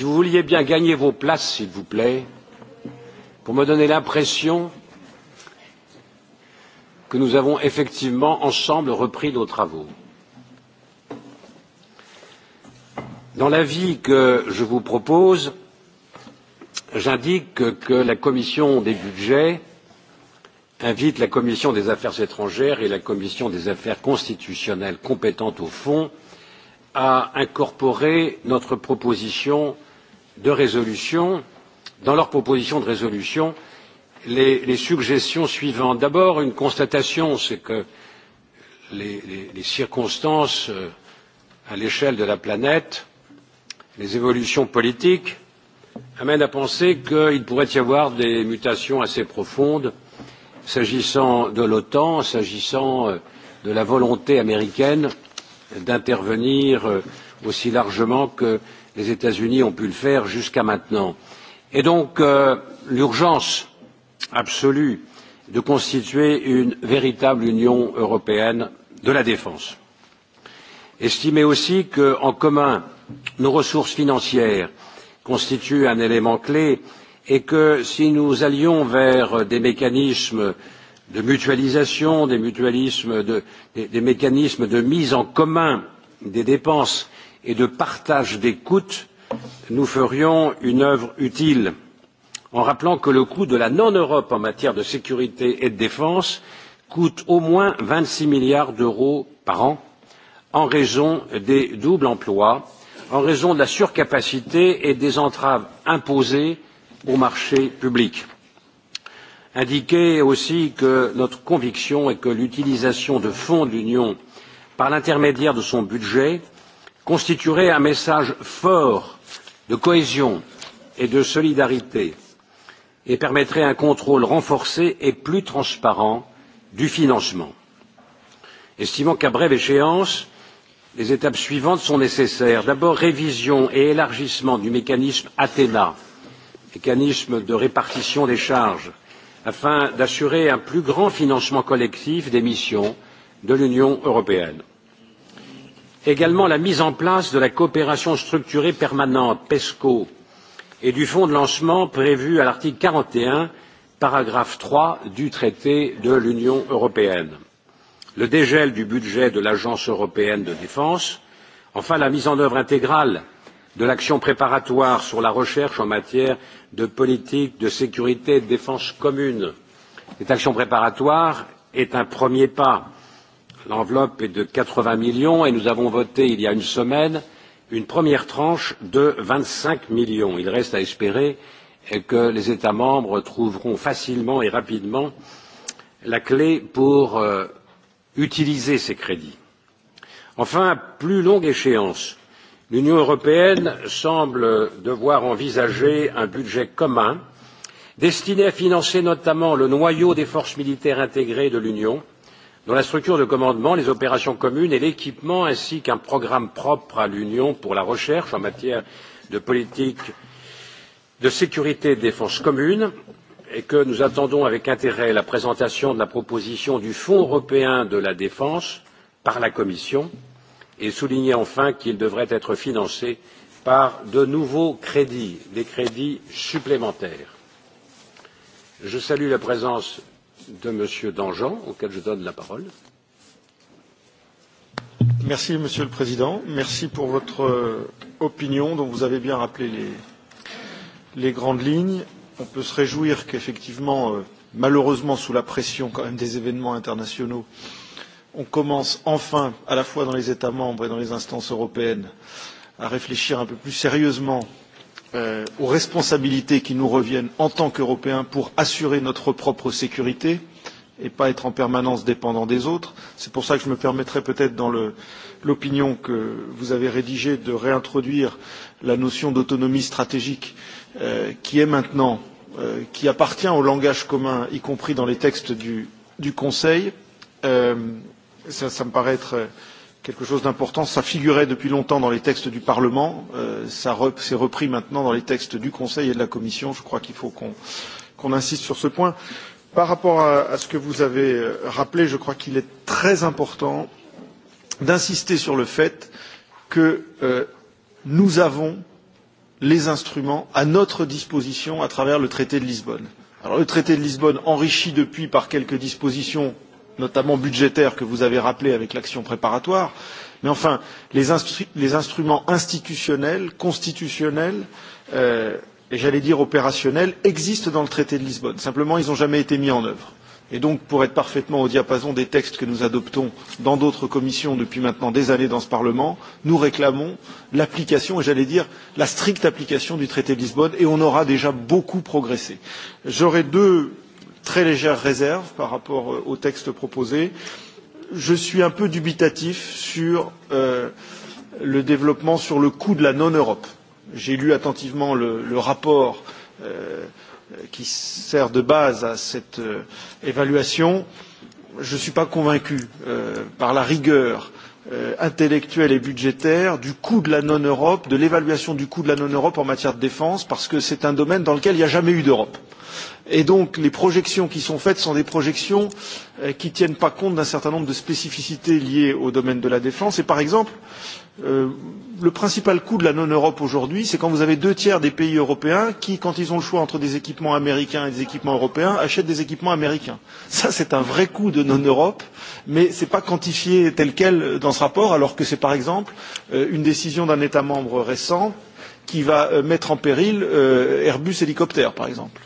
si vous vouliez bien gagner vos places, s'il vous plaît, pour me donner l'impression que nous avons effectivement ensemble repris nos travaux. Dans l'avis que je vous propose, j'indique que la Commission des budgets invite la Commission des affaires étrangères et la Commission des affaires constitutionnelles compétentes au fond à incorporer notre proposition de résolution, dans leur proposition de résolution, les, les suggestions suivantes. D'abord, une constatation, c'est que les, les, les circonstances euh, à l'échelle de la planète, les évolutions politiques, amènent à penser qu'il pourrait y avoir des mutations assez profondes s'agissant de l'OTAN, s'agissant euh, de la volonté américaine d'intervenir euh, aussi largement que les États-Unis ont pu le faire jusqu'à maintenant. Et donc, euh, l'urgence absolue de constituer une véritable Union européenne de la défense. Estimez aussi qu'en commun, nos ressources financières constituent un élément clé et que si nous allions vers des mécanismes de mutualisation, des, mutualismes de, des, des mécanismes de mise en commun des dépenses et de partage d'écoute, nous ferions une œuvre utile en rappelant que le coût de la non-Europe en matière de sécurité et de défense coûte au moins 26 milliards d'euros par an en raison des doubles emplois, en raison de la surcapacité et des entraves imposées au marché public. Indiquer aussi que notre conviction est que l'utilisation de fonds de l'Union par l'intermédiaire de son budget constituerait un message fort de cohésion et de solidarité et permettrait un contrôle renforcé et plus transparent du financement. Estimant qu'à brève échéance, les étapes suivantes sont nécessaires. D'abord, révision et élargissement du mécanisme Athéna, mécanisme de répartition des charges, afin d'assurer un plus grand financement collectif des missions de l'Union européenne. Également, la mise en place de la coopération structurée permanente PESCO et du fonds de lancement prévu à l'article 41, paragraphe 3 du traité de l'Union européenne. Le dégel du budget de l'Agence européenne de défense. Enfin, la mise en œuvre intégrale de l'action préparatoire sur la recherche en matière de politique de sécurité et de défense commune. Cette action préparatoire est un premier pas L'enveloppe est de 80 millions et nous avons voté il y a une semaine une première tranche de 25 millions. Il reste à espérer que les États membres trouveront facilement et rapidement la clé pour euh, utiliser ces crédits. Enfin, à plus longue échéance, l'Union européenne semble devoir envisager un budget commun destiné à financer notamment le noyau des forces militaires intégrées de l'Union, dont la structure de commandement, les opérations communes et l'équipement, ainsi qu'un programme propre à l'Union pour la recherche en matière de politique de sécurité et de défense commune, et que nous attendons avec intérêt la présentation de la proposition du Fonds européen de la défense par la Commission, et souligner enfin qu'il devrait être financé par de nouveaux crédits, des crédits supplémentaires. Je salue la présence de Monsieur auquel je la parole. Merci, Monsieur le Président. Merci pour votre euh, opinion, dont vous avez bien rappelé les, les grandes lignes. On peut se réjouir qu'effectivement, euh, malheureusement, sous la pression quand même des événements internationaux, on commence enfin, à la fois dans les États membres et dans les instances européennes, à réfléchir un peu plus sérieusement euh, aux responsabilités qui nous reviennent en tant qu'Européens pour assurer notre propre sécurité et pas être en permanence dépendant des autres. C'est pour ça que je me permettrai peut-être dans l'opinion que vous avez rédigée de réintroduire la notion d'autonomie stratégique euh, qui est maintenant, euh, qui appartient au langage commun, y compris dans les textes du, du Conseil. Euh, ça, ça me paraît être euh, quelque chose d'important. Ça figurait depuis longtemps dans les textes du Parlement, euh, ça re, s'est repris maintenant dans les textes du Conseil et de la Commission. Je crois qu'il faut qu'on qu insiste sur ce point. Par rapport à, à ce que vous avez euh, rappelé, je crois qu'il est très important d'insister sur le fait que euh, nous avons les instruments à notre disposition à travers le traité de Lisbonne. Alors, le traité de Lisbonne, enrichi depuis par quelques dispositions notamment budgétaires que vous avez rappelées avec l'action préparatoire, mais enfin, les, instru les instruments institutionnels, constitutionnels, euh, et j'allais dire opérationnels, existent dans le traité de Lisbonne. Simplement, ils n'ont jamais été mis en œuvre. Et donc, pour être parfaitement au diapason des textes que nous adoptons dans d'autres commissions depuis maintenant des années dans ce Parlement, nous réclamons l'application, et j'allais dire la stricte application du traité de Lisbonne, et on aura déjà beaucoup progressé. J'aurai deux très légères réserves par rapport euh, au texte proposé. Je suis un peu dubitatif sur euh, le développement sur le coût de la non-Europe. J'ai lu attentivement le, le rapport euh, qui sert de base à cette euh, évaluation. Je ne suis pas convaincu euh, par la rigueur euh, euh, intellectuelle et budgétaire du coût de la non Europe, de l'évaluation du coût de la non Europe en matière de défense, parce que c'est un domaine dans lequel il n'y a jamais eu d'Europe. Et donc les projections qui sont faites sont des projections euh, qui ne tiennent pas compte d'un certain nombre de spécificités liées au domaine de la défense. Et par exemple, Euh, le principal coût de la non-Europe aujourd'hui, c'est quand vous avez deux tiers des pays européens qui, quand ils ont le choix entre des équipements américains et des équipements européens, achètent des équipements américains. Ça, c'est un vrai coût de non-Europe, mais ce n'est pas quantifié tel quel dans ce rapport, alors que c'est par exemple euh, une décision d'un État membre récent qui va euh, mettre en péril euh, Airbus hélicoptère, par exemple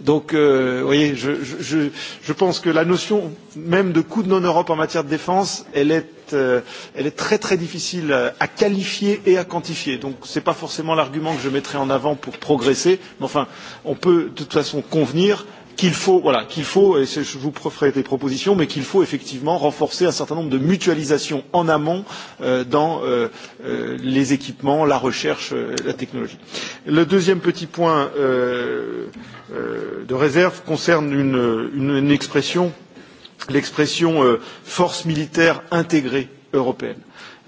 Donc, euh, vous voyez, je, je, je pense que la notion même de coût de non-Europe en matière de défense, elle est, euh, elle est très très difficile à qualifier et à quantifier. Donc, ce n'est pas forcément l'argument que je mettrai en avant pour progresser. Mais enfin, on peut de toute façon convenir qu'il faut, voilà, qu'il faut, et je vous ferai des propositions, mais qu'il faut effectivement renforcer un certain nombre de mutualisations en amont euh, dans euh, euh, les équipements, la recherche, euh, la technologie. Le deuxième petit point euh, euh, de réserve concerne une, une, une expression, l'expression euh, force militaire intégrée européenne.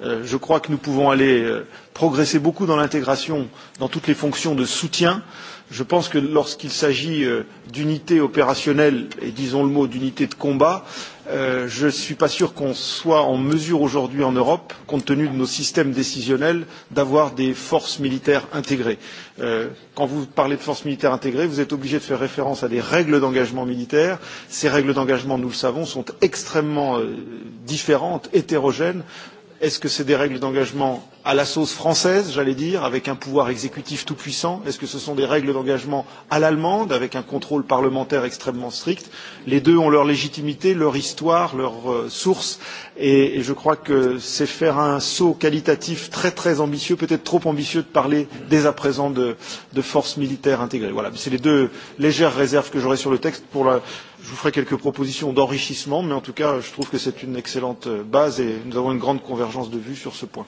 Euh, je crois que nous pouvons aller euh, progresser beaucoup dans l'intégration dans toutes les fonctions de soutien je pense que lorsqu'il s'agit euh, d'unité opérationnelle et disons le mot d'unité de combat, euh, je ne suis pas sûr qu'on soit en mesure aujourd'hui en Europe, compte tenu de nos systèmes décisionnels, d'avoir des forces militaires intégrées. Euh, quand vous parlez de forces militaires intégrées, vous êtes obligé de faire référence à des règles d'engagement militaire. Ces règles d'engagement, nous le savons, sont extrêmement différentes, hétérogènes Est-ce que c'est des règles d'engagement à la sauce française, j'allais dire, avec un pouvoir exécutif tout puissant Est-ce que ce sont des règles d'engagement à l'allemande, avec un contrôle parlementaire extrêmement strict Les deux ont leur légitimité, leur histoire, leur euh, source, et, et je crois que c'est faire un saut qualitatif très très ambitieux, peut-être trop ambitieux de parler dès à présent de, de forces militaires intégrées. Voilà, c'est les deux légères réserves que j'aurais sur le texte pour la je vous ferai quelques propositions d'enrichissement, mais en tout cas, je trouve que c'est une excellente base et nous avons une grande convergence de vues sur ce point.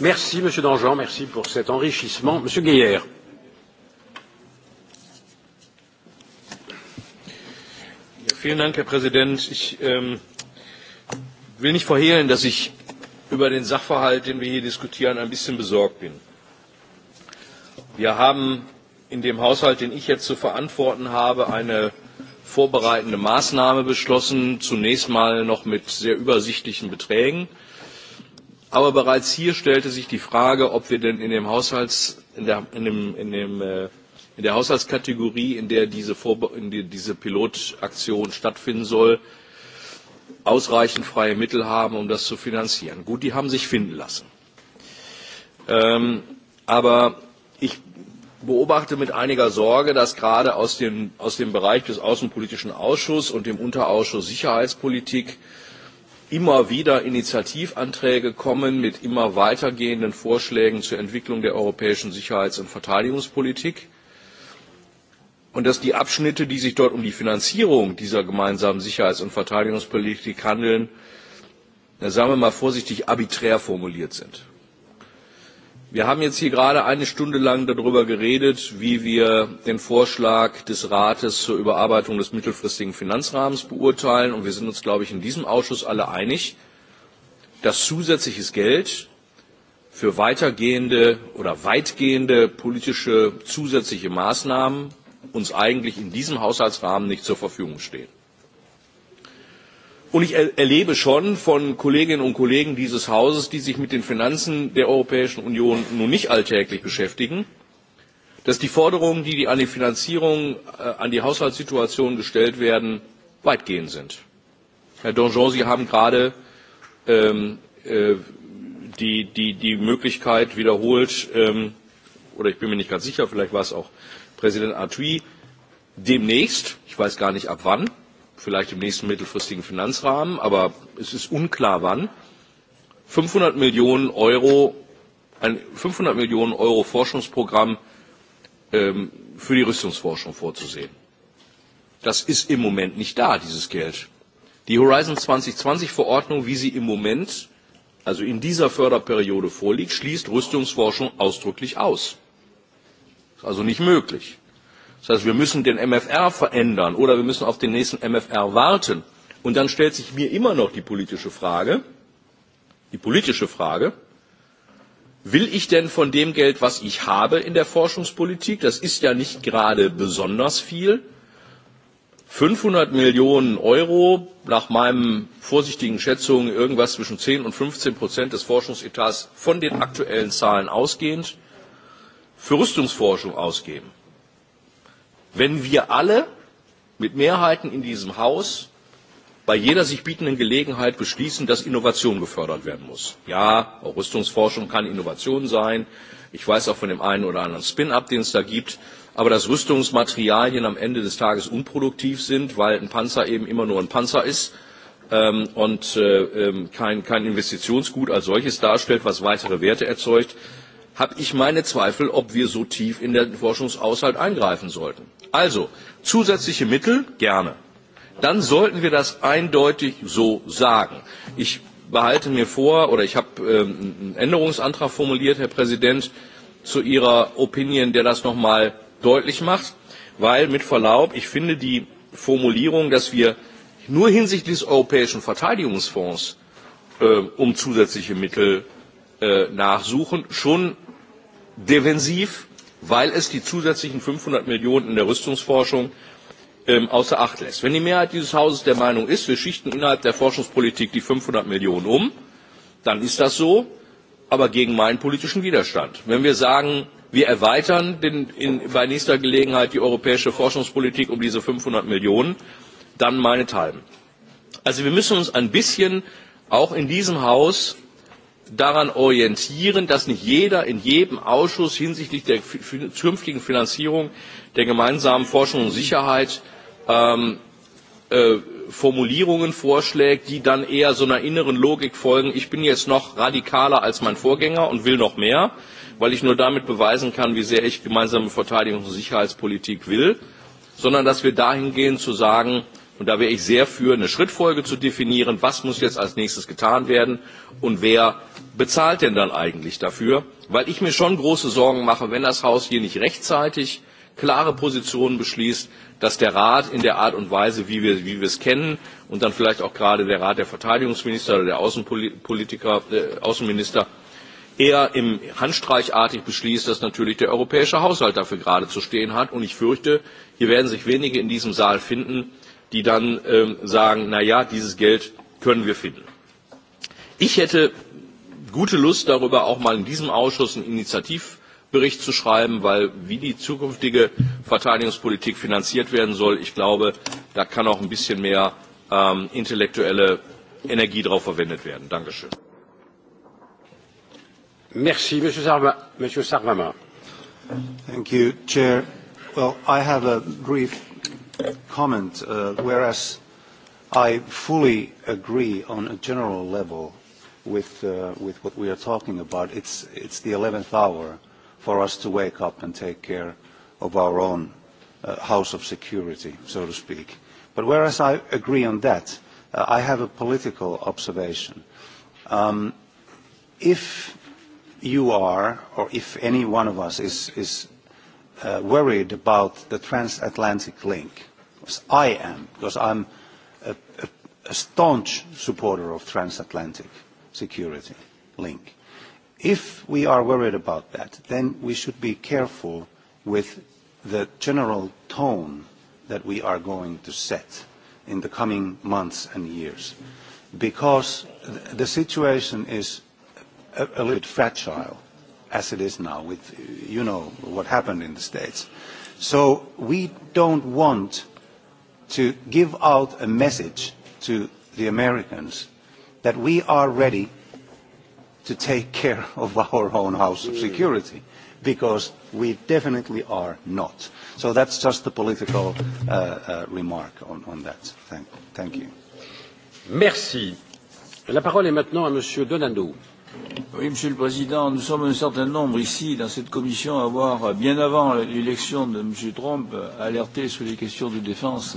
Merci, Monsieur Dangean, merci pour cet enrichissement. Monsieur Gaillard. Ja, vielen Dank, Herr Präsident. Ich ähm, will nicht verhehlen, dass ich über den Sachverhalt, den wir hier diskutieren, ein bisschen besorgt bin. Wir haben in dem Haushalt, den ich jetzt zu verantworten habe, eine vorbereitende Maßnahme beschlossen, zunächst mal noch mit sehr übersichtlichen Beträgen. Aber bereits hier stellte sich die Frage, ob wir denn in, dem Haushalts, in, der, in, dem, in, dem, äh, in der Haushaltskategorie, in der diese, Vorbe in die, diese Pilotaktion stattfinden soll, ausreichend freie Mittel haben, um das zu finanzieren. Gut, die haben sich finden lassen. Ähm, aber ich beobachte mit einiger Sorge, dass gerade aus dem, aus dem Bereich des Außenpolitischen Ausschusses und dem Unterausschuss Sicherheitspolitik immer wieder Initiativanträge kommen mit immer weitergehenden Vorschlägen zur Entwicklung der europäischen Sicherheits- und Verteidigungspolitik und dass die Abschnitte, die sich dort um die Finanzierung dieser gemeinsamen Sicherheits- und Verteidigungspolitik handeln, sagen wir mal vorsichtig arbiträr formuliert sind. Wir haben jetzt hier gerade eine Stunde lang darüber geredet, wie wir den Vorschlag des Rates zur Überarbeitung des mittelfristigen Finanzrahmens beurteilen. Und wir sind uns, glaube ich, in diesem Ausschuss alle einig, dass zusätzliches Geld für weitergehende oder weitgehende politische zusätzliche Maßnahmen uns eigentlich in diesem Haushaltsrahmen nicht zur Verfügung stehen. Und ich er, erlebe schon von Kolleginnen und Kollegen dieses Hauses, die sich mit den Finanzen der Europäischen Union nun nicht alltäglich beschäftigen, dass die Forderungen, die, an die Finanzierung, äh, an die Haushaltssituation gestellt werden, weitgehend sind. Herr Donjon, Sie haben gerade ähm, äh, die, die, die Möglichkeit wiederholt, ähm, oder ich bin mir nicht ganz sicher, vielleicht war es auch Präsident Artui, demnächst, ich weiß gar nicht ab wann, vielleicht im nächsten mittelfristigen Finanzrahmen, aber es ist unklar wann, 500 Millionen Euro, ein 500 Millionen Euro Forschungsprogramm ähm, für die Rüstungsforschung vorzusehen. Das ist im Moment nicht da, dieses Geld. Die Horizon 2020 Verordnung, wie sie im Moment, also in dieser Förderperiode vorliegt, schließt Rüstungsforschung ausdrücklich aus. Ist also nicht möglich. Das heißt, wir müssen den MFR verändern oder wir müssen auf den nächsten MFR warten. Und dann stellt sich mir immer noch die politische Frage, die politische Frage, will ich denn von dem Geld, was ich habe in der Forschungspolitik, das ist ja nicht gerade besonders viel, 500 Millionen Euro, nach meinen vorsichtigen Schätzungen irgendwas zwischen 10 und 15 Prozent des Forschungsetats von den aktuellen Zahlen ausgehend, für Rüstungsforschung ausgeben wenn wir alle mit Mehrheiten in diesem Haus bei jeder sich bietenden Gelegenheit beschließen, dass Innovation gefördert werden muss. Ja, auch Rüstungsforschung kann Innovation sein. Ich weiß auch von dem einen oder anderen Spin-up, den es da gibt. Aber dass Rüstungsmaterialien am Ende des Tages unproduktiv sind, weil ein Panzer eben immer nur ein Panzer ist ähm, und äh, ähm, kein, kein Investitionsgut als solches darstellt, was weitere Werte erzeugt, habe ich meine Zweifel, ob wir so tief in den Forschungshaushalt eingreifen sollten. Also zusätzliche Mittel gerne. Dann sollten wir das eindeutig so sagen. Ich behalte mir vor oder ich habe ähm, einen Änderungsantrag formuliert, Herr Präsident, zu Ihrer Opinion, der das noch mal deutlich macht, weil mit Verlaub, ich finde die Formulierung, dass wir nur hinsichtlich des Europäischen Verteidigungsfonds äh, um zusätzliche Mittel äh, nachsuchen, schon defensiv, weil es die zusätzlichen 500 Millionen in der Rüstungsforschung ähm, außer Acht lässt. Wenn die Mehrheit dieses Hauses der Meinung ist, wir schichten innerhalb der Forschungspolitik die 500 Millionen um, dann ist das so, aber gegen meinen politischen Widerstand. Wenn wir sagen, wir erweitern den, in, bei nächster Gelegenheit die europäische Forschungspolitik um diese 500 Millionen, dann meinethalben. Also wir müssen uns ein bisschen auch in diesem Haus daran orientieren, dass nicht jeder in jedem Ausschuss hinsichtlich der zukünftigen Finanzierung der gemeinsamen Forschung und Sicherheit ähm, äh, Formulierungen vorschlägt, die dann eher so einer inneren Logik folgen, ich bin jetzt noch radikaler als mein Vorgänger und will noch mehr, weil ich nur damit beweisen kann, wie sehr ich gemeinsame Verteidigungs- und Sicherheitspolitik will, sondern dass wir dahin gehen zu sagen, Und da wäre ich sehr für, eine Schrittfolge zu definieren, was muss jetzt als nächstes getan werden und wer bezahlt denn dann eigentlich dafür. Weil ich mir schon große Sorgen mache, wenn das Haus hier nicht rechtzeitig klare Positionen beschließt, dass der Rat in der Art und Weise, wie wir, wie wir es kennen, und dann vielleicht auch gerade der Rat der Verteidigungsminister oder der Außenpolitiker, äh, Außenminister, eher im handstreichartig beschließt, dass natürlich der europäische Haushalt dafür gerade zu stehen hat. Und ich fürchte, hier werden sich wenige in diesem Saal finden, die dann ähm, sagen, na ja, dieses Geld können wir finden. Ich hätte gute Lust, darüber auch mal in diesem Ausschuss einen Initiativbericht zu schreiben, weil wie die zukünftige Verteidigungspolitik finanziert werden soll, ich glaube, da kann auch ein bisschen mehr ähm, intellektuelle Energie drauf verwendet werden. Dankeschön. Merci, Monsieur Sarvama. Monsieur Sarvama. Thank you, Chair. Well, I have a brief comment, uh, whereas I fully agree on a general level with, uh, with what we are talking about. It's, it's the 11th hour for us to wake up and take care of our own uh, house of security, so to speak. But whereas I agree on that, uh, I have a political observation. Um, if you are, or if any one of us is, is uh, worried about the transatlantic link, i am, because I'm a, a, a staunch supporter of transatlantic security link. If we are worried about that, then we should be careful with the general tone that we are going to set in the coming months and years, because the situation is a, a little bit fragile as it is now with, you know, what happened in the States. So we don't want to give out a message to the Americans that we are ready to take care of our own house of security because we definitely are not. So that's just a political uh, uh, remark on, on that. Thank, thank you. Merci. La parole est maintenant à Monsieur Donado. Oui, Monsieur le Président, nous sommes un certain nombre ici, dans cette commission, à avoir, euh, bien avant l'élection de M. Trump, euh, alerté sur les questions de défense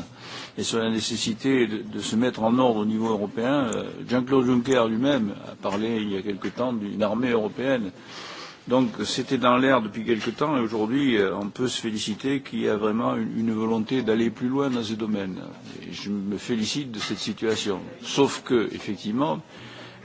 et sur la nécessité de, de se mettre en ordre au niveau européen. Euh, Jean-Claude Juncker lui-même a parlé il y a quelque temps d'une armée européenne. Donc c'était dans l'air depuis quelque temps et aujourd'hui on peut se féliciter qu'il y a vraiment une, une volonté d'aller plus loin dans ce domaine. Et je me félicite de cette situation. Sauf que, effectivement, euh,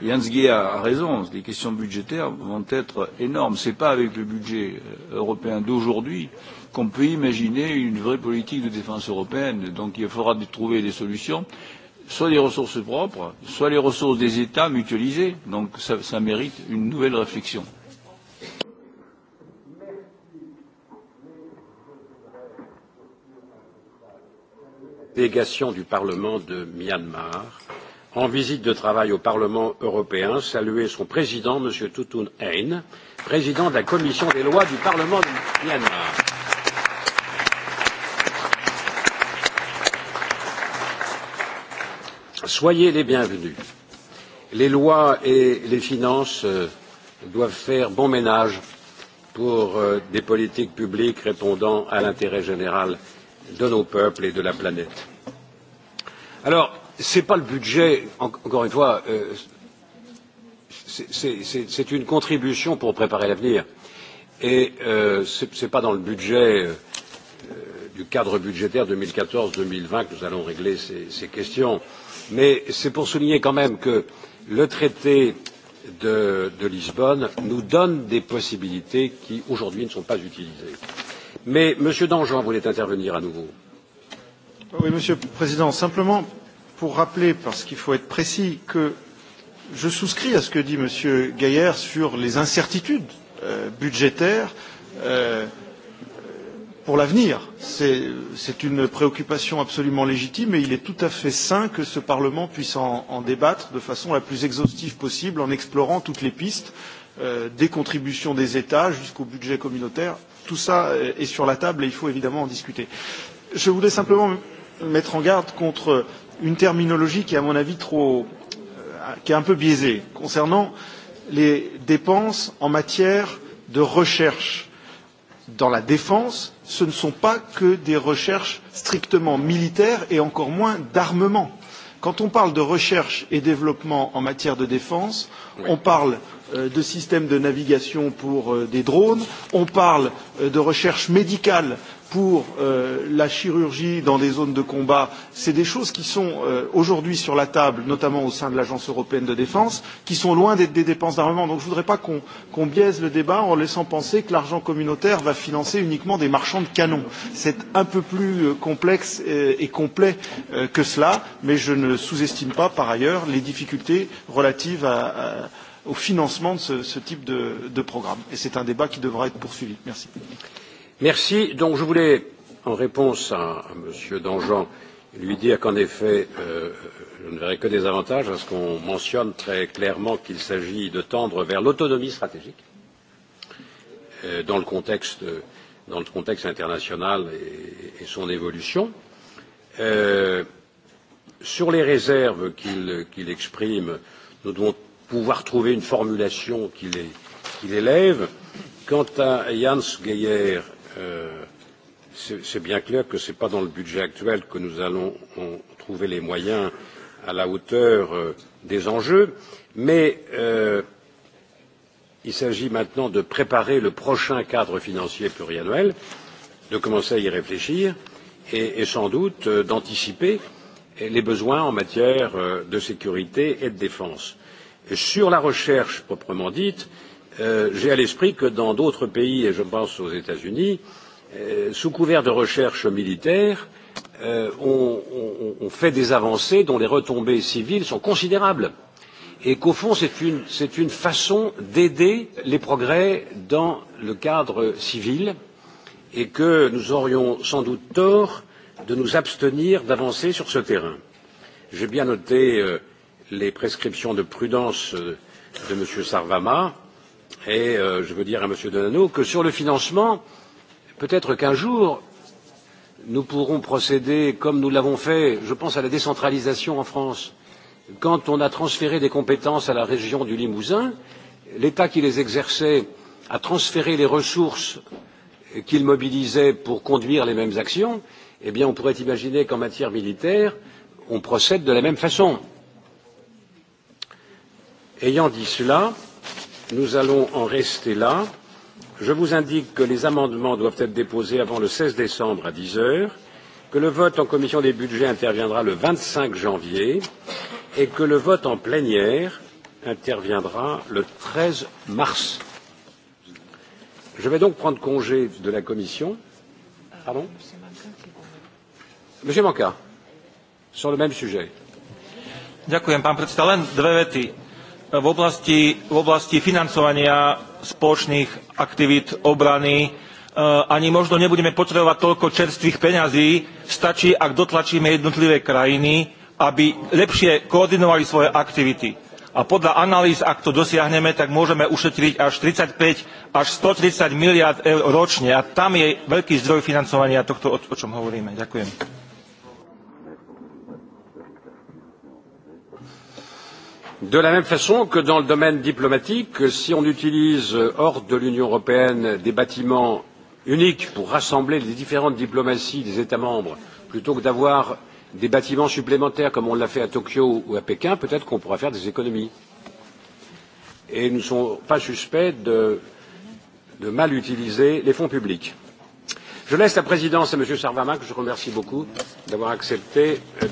Jens Guy a, raison, les questions budgétaires vont être énormes. Ce n'est pas avec le budget euh, européen d'aujourd'hui qu'on peut imaginer une vraie politique de défense européenne. Donc il faudra trouver des solutions, soit des ressources propres, soit les ressources des États mutualisées. Donc ça, ça mérite une nouvelle réflexion. Délégation du Parlement de Myanmar en visite de travail au Parlement européen, saluer son président, M. Tutun Hain, président de la Commission des lois du Parlement du Myanmar. Soyez les bienvenus. Les lois et les finances euh, doivent faire bon ménage pour euh, des politiques publiques répondant à l'intérêt général de nos peuples et de la planète. Alors, Ce n'est pas le budget, encore une fois, euh, c'est une contribution pour préparer l'avenir. Et euh, ce n'est pas dans le budget euh, du cadre budgétaire 2014-2020 que nous allons régler ces, ces questions. Mais c'est pour souligner quand même que le traité de, de Lisbonne nous donne des possibilités qui aujourd'hui ne sont pas utilisées. Mais Monsieur Danjean voulait intervenir à nouveau. Oui, Monsieur le Président, simplement pour rappeler, parce qu'il faut être précis, que je souscris à ce que dit M. Gaillard sur les incertitudes euh, budgétaires euh, pour l'avenir. C'est une préoccupation absolument légitime et il est tout à fait sain que ce Parlement puisse en, en débattre de façon la plus exhaustive possible en explorant toutes les pistes, euh, des contributions des États jusqu'au budget communautaire. Tout ça euh, est sur la table et il faut évidemment en discuter. Je voulais simplement mettre en garde contre une terminologie qui est à mon avis trop, euh, qui est un peu biaisée concernant les dépenses en matière de recherche dans la défense. Ce ne sont pas que des recherches strictement militaires et encore moins d'armement. Quand on parle de recherche et développement en matière de défense, oui. on parle Euh, de systèmes de navigation pour euh, des drones, on parle euh, de recherche médicale pour la chirurgie dans des zones de combat, c'est des choses qui sont aujourd'hui sur la table, notamment au sein de l'Agence européenne de défense, qui sont loin d'être des dépenses d'armement. Donc je ne voudrais pas qu'on qu biaise le débat en laissant penser que l'argent communautaire va financer uniquement des marchands de canons. C'est un peu plus complexe et, et complet que cela, mais je ne sous-estime pas par ailleurs les difficultés relatives à, à au financement de ce, ce type de, de programme. Et c'est un débat qui devra être poursuivi. Merci. Merci. Donc je voulais, en réponse à, à M. Dangean, lui dire qu'en effet, euh, je ne verrai que des avantages à ce qu'on mentionne très clairement qu'il s'agit de tendre vers l'autonomie stratégique euh, dans, le contexte, dans le contexte international et, et son évolution. Euh, sur les réserves qu'il qu exprime, nous devons pouvoir trouver une formulation qui les, qui les lève. Quant à Jans Geyer, euh, c'est bien clair que ce n'est pas dans le budget actuel que nous allons on, trouver les moyens à la hauteur euh, des enjeux, mais euh, il s'agit maintenant de préparer le prochain cadre financier pluriannuel, de commencer à y réfléchir et, et sans doute euh, d'anticiper les besoins en matière euh, de sécurité et de défense Sur la recherche proprement dite, euh, j'ai à l'esprit que dans d'autres pays, et je pense aux États-Unis, euh, sous couvert de recherche militaire, euh, on, on, on fait des avancées dont les retombées civiles sont considérables et qu'au fond, c'est une, une façon d'aider les progrès dans le cadre civil et que nous aurions sans doute tort de nous abstenir d'avancer sur ce terrain. J'ai bien noté euh, les prescriptions de prudence euh, de M. Sarvamaa et euh, je veux dire à M. denanot que sur le financement, peut-être qu'un jour, nous pourrons procéder comme nous l'avons fait, je pense à la décentralisation en France. Quand on a transféré des compétences à la région du Limousin, l'État qui les exerçait a transféré les ressources qu'il mobilisait pour conduire les mêmes actions, eh bien on pourrait imaginer qu'en matière militaire, on procède de la même façon. Ayant dit cela, nous allons en rester là. Je vous indique que les amendements doivent être déposés avant le seize décembre à dix heures, que le vote en commission des budgets interviendra le vingt cinq janvier et que le vote en plénière interviendra le treize mars. Je vais donc prendre congé de la commission. Pardon Monsieur Manka, sur le même sujet. Ďakujem, pán predseda. Len dve vety v oblasti, v oblasti financovania spoločných aktivít obrany e, ani možno nebudeme potrebovať toľko čerstvých peňazí, stačí, ak dotlačíme jednotlivé krajiny, aby lepšie koordinovali svoje aktivity. A podľa analýz, ak to dosiahneme, tak môžeme ušetriť až 35 až 130 miliard eur ročne. A tam je veľký zdroj financovania tohto, o čom hovoríme. Ďakujem. De la même façon que dans le domaine diplomatique, si on utilise euh, hors de l'Union européenne des bâtiments uniques pour rassembler les différentes diplomaties des États membres, plutôt que d'avoir des bâtiments supplémentaires comme on l'a fait à Tokyo ou à Pékin, peut-être qu'on pourra faire des économies. Et ne sont pas suspects de, de mal utiliser les fonds publics. Je laisse la présidence à M. Sarvama, que je remercie beaucoup d'avoir accepté euh,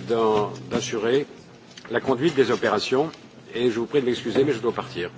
d'assurer la conduite des opérations et je vous prie de m'excuser, mais je dois partir.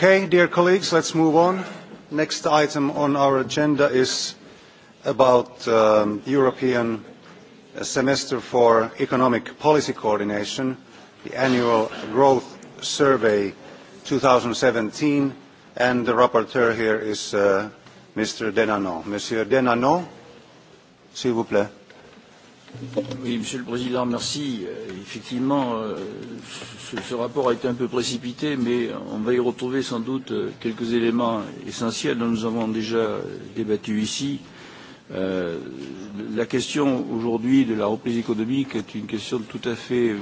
Okay, dear colleagues, let's move on. Next item on our agenda is about um, European semester for economic policy coordination, the annual growth survey 2017, and the rapporteur here is uh, Mr. Denano. Monsieur Denano, s'il vous plaît. Oui, Monsieur le Président, merci. Effectivement, euh, ce, ce rapport a été un peu précipité, mais on va y retrouver sans doute euh, quelques éléments essentiels dont nous avons déjà débattu ici. Euh, la question aujourd'hui de la reprise économique est une question tout à fait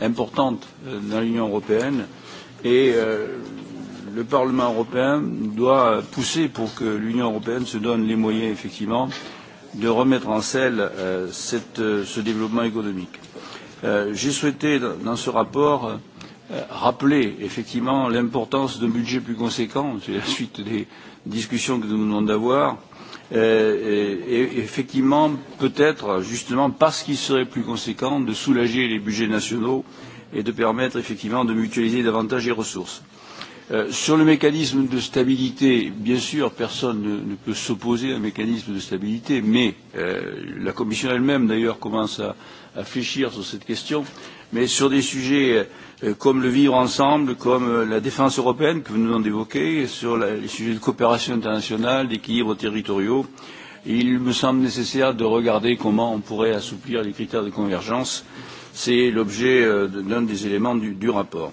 importante euh, dans l'Union européenne et euh, le Parlement européen doit pousser pour que l'Union européenne se donne les moyens, effectivement, euh, de remettre en selle euh, cette, euh, ce développement économique. Euh, J'ai souhaité, dans ce rapport, euh, rappeler effectivement l'importance d'un budget plus conséquent, c'est la suite des discussions que nous venons d'avoir, euh, et, et effectivement, peut-être, justement, parce qu'il serait plus conséquent, de soulager les budgets nationaux et de permettre effectivement de mutualiser davantage les ressources. Euh, sur le mécanisme de stabilité, bien sûr, personne ne, ne peut s'opposer à un mécanisme de stabilité, mais euh, la Commission elle-même, d'ailleurs, commence à, à fléchir sur cette question. Mais sur des sujets euh, comme le vivre ensemble, comme euh, la défense européenne que vous nous en évoquez, sur la, les sujets de coopération internationale, d'équilibre territoriaux, il me semble nécessaire de regarder comment on pourrait assouplir les critères de convergence. Euh, C'est l'objet euh, d'un des éléments du, du rapport.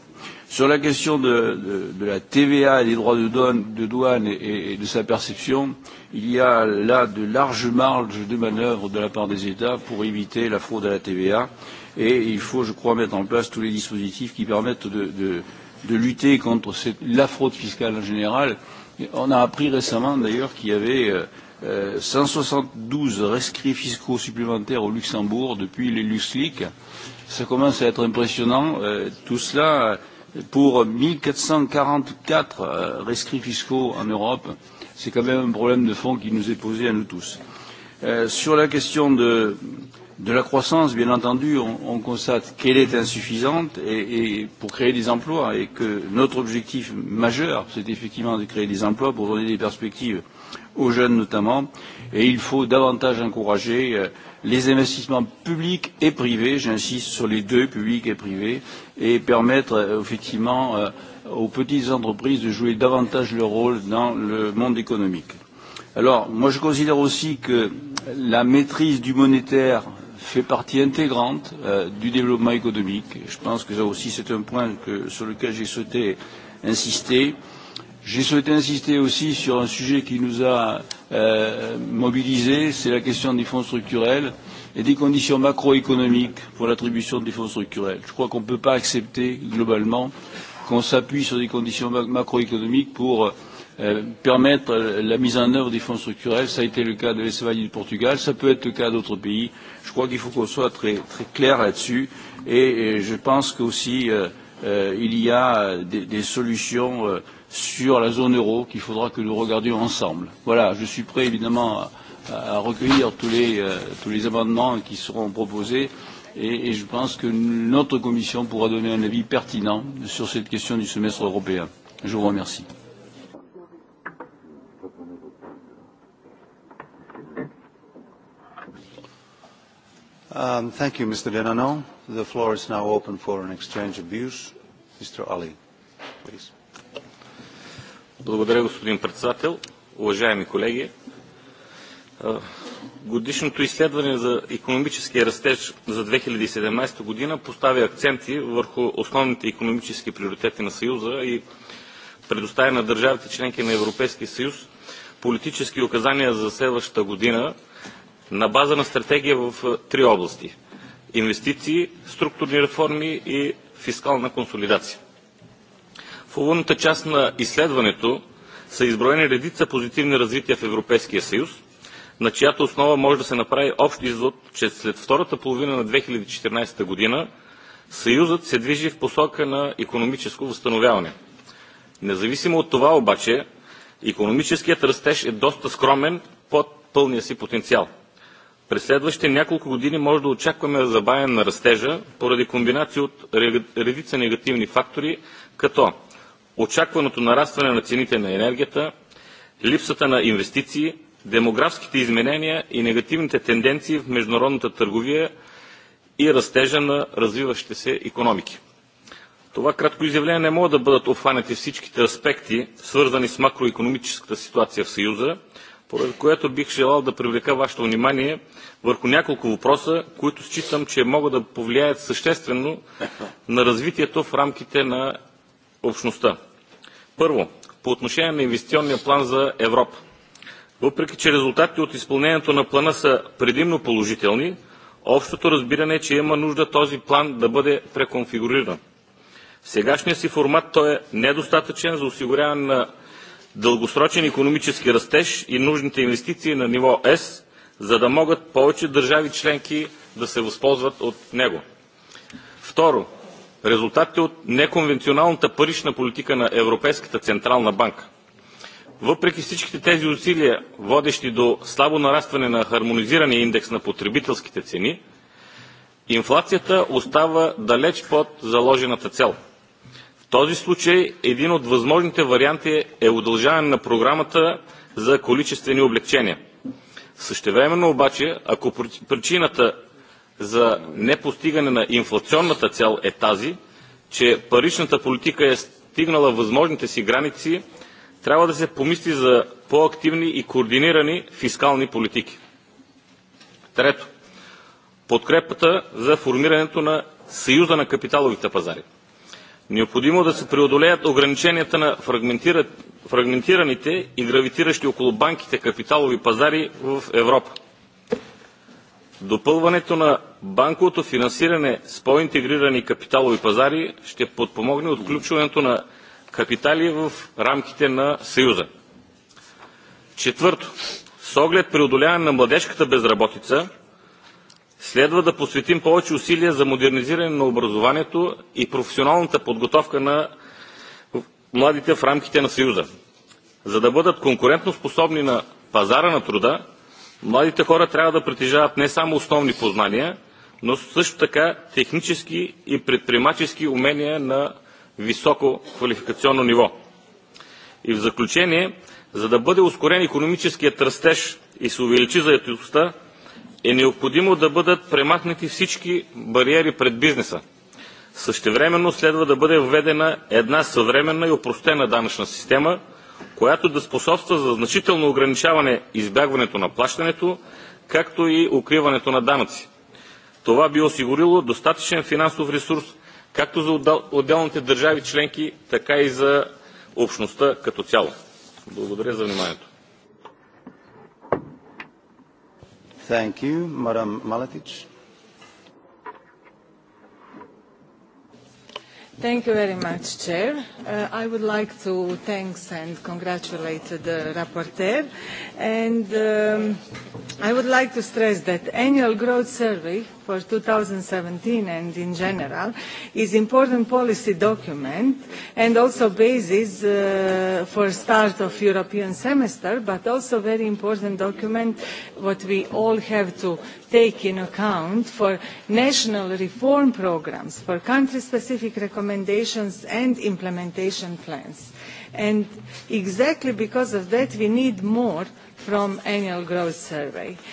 Sur la question de, de, de la TVA et des droits de douane, de douane et, et de sa perception, il y a là de larges marges de manœuvre de la part des États pour éviter la fraude à la TVA et il faut, je crois, mettre en place tous les dispositifs qui permettent de, de, de lutter contre cette, la fraude fiscale en général. On a appris récemment d'ailleurs qu'il y avait euh, 172 euh, rescrits fiscaux supplémentaires au Luxembourg depuis les LuxLeaks ça commence à être impressionnant. Euh, tout cela euh, pour 1444 euh, rescrits fiscaux en Europe. C'est quand même un problème de fond qui nous est posé à nous tous. Euh, sur la question de, de la croissance, bien entendu, on, on constate qu'elle est insuffisante et, et pour créer des emplois et que notre objectif majeur, c'est effectivement de créer des emplois pour donner des perspectives aux jeunes notamment, et il faut davantage encourager euh, les investissements publics et privés, j'insiste sur les deux, publics et privés, et permettre euh, effectivement euh, aux petites entreprises de jouer davantage leur rôle dans le monde économique. Alors, moi je considère aussi que la maîtrise du monétaire fait partie intégrante euh, du développement économique. Je pense que ça aussi c'est un point que, sur lequel j'ai souhaité insister. J'ai souhaité insister aussi sur un sujet qui nous a euh, euh, mobilisés, c'est la question des fonds structurels et des conditions macroéconomiques pour l'attribution des fonds structurels. Je crois qu'on ne peut pas accepter globalement qu'on s'appuie sur des conditions macroéconomiques pour euh, permettre la mise en œuvre des fonds structurels. Ça a été le cas de l'Espagne et du Portugal, ça peut être le cas d'autres pays. Je crois qu'il faut qu'on soit très, très clair là-dessus et, et je pense qu'aussi euh, euh, il y a des, des solutions euh, sur la zone euro qu'il faudra que nous regardions ensemble. Voilà, je suis prêt évidemment à, à recueillir tous les, euh, tous les amendements qui seront proposés et, et je pense que notre commission pourra donner un avis pertinent sur cette question du semestre européen. Je vous remercie. Um, thank you, Mr. Denano. The floor is now open for an exchange of views. Mr. Ali, please. Благодаря, господин председател. Уважаеми колеги, годишното изследване за економическия растеж за 2017 година поставя акценти върху основните економически приоритети на Съюза и предоставя на държавите членки на Европейския съюз политически указания за следващата година на база на стратегия в три области – инвестиции, структурни реформи и фискална консолидация. В част на изследването са изброени редица позитивни развития в Европейския съюз, на чиято основа може да се направи общ извод, че след втората половина на 2014 година Съюзът се движи в посока на економическо възстановяване. Независимо от това обаче, економическият растеж е доста скромен под пълния си потенциал. През следващите няколко години може да очакваме забавяне на растежа поради комбинация от редица негативни фактори, като очакваното нарастване на цените на енергията, липсата на инвестиции, демографските изменения и негативните тенденции в международната търговия и растежа на развиващите се економики. Това кратко изявление не могат да бъдат обхванати всичките аспекти, свързани с макроекономическата ситуация в Съюза, поради което бих желал да привлека вашето внимание върху няколко въпроса, които считам, че могат да повлияят съществено на развитието в рамките на общността. Първо, по отношение на инвестиционния план за Европа. Въпреки, че резултатите от изпълнението на плана са предимно положителни, общото разбиране е, че има нужда този план да бъде преконфигуриран. В сегашния си формат той е недостатъчен за осигуряване на дългосрочен економически растеж и нужните инвестиции на ниво С, за да могат повече държави членки да се възползват от него. Второ, резултатите от неконвенционалната парична политика на Европейската Централна банка. Въпреки всичките тези усилия, водещи до слабо нарастване на хармонизирания индекс на потребителските цени, инфлацията остава далеч под заложената цел. В този случай един от възможните варианти е удължаване на програмата за количествени облегчения. Същевременно обаче, ако причината за непостигане на инфлационната цел е тази, че паричната политика е стигнала възможните си граници, трябва да се помисли за по-активни и координирани фискални политики. Трето, подкрепата за формирането на Съюза на капиталовите пазари. Необходимо да се преодолеят ограниченията на фрагментираните и гравитиращи около банките капиталови пазари в Европа – Допълването на банковото финансиране с по-интегрирани капиталови пазари ще подпомогне отключването на капитали в рамките на Съюза. Четвърто, с оглед преодоляване на младежката безработица, следва да посветим повече усилия за модернизиране на образованието и професионалната подготовка на младите в рамките на Съюза. За да бъдат способни на пазара на труда, Младите хора трябва да притежават не само основни познания, но също така технически и предприемачески умения на високо квалификационно ниво. И в заключение, за да бъде ускорен економическият растеж и се увеличи заетостта, е необходимо да бъдат премахнати всички бариери пред бизнеса. Същевременно следва да бъде введена една съвременна и упростена данъчна система – която да способства за значително ограничаване избягването на плащането, както и укриването на данъци. Това би осигурило достатъчен финансов ресурс както за отделните държави членки, така и за общността като цяло. Благодаря за вниманието. Thank you, Madam Maletic. Thank you very much, Chair. Uh, I would like to thank and congratulate the rapporteur. And um, I would like to stress that annual growth survey for 2017 and in general is important policy document and also basis uh, for start of European semester, but also very important document what we all have to take in account for national reform programs, for country-specific recommendations and implementation plans. And exactly because of that, we need more from annual growth survey. Uh,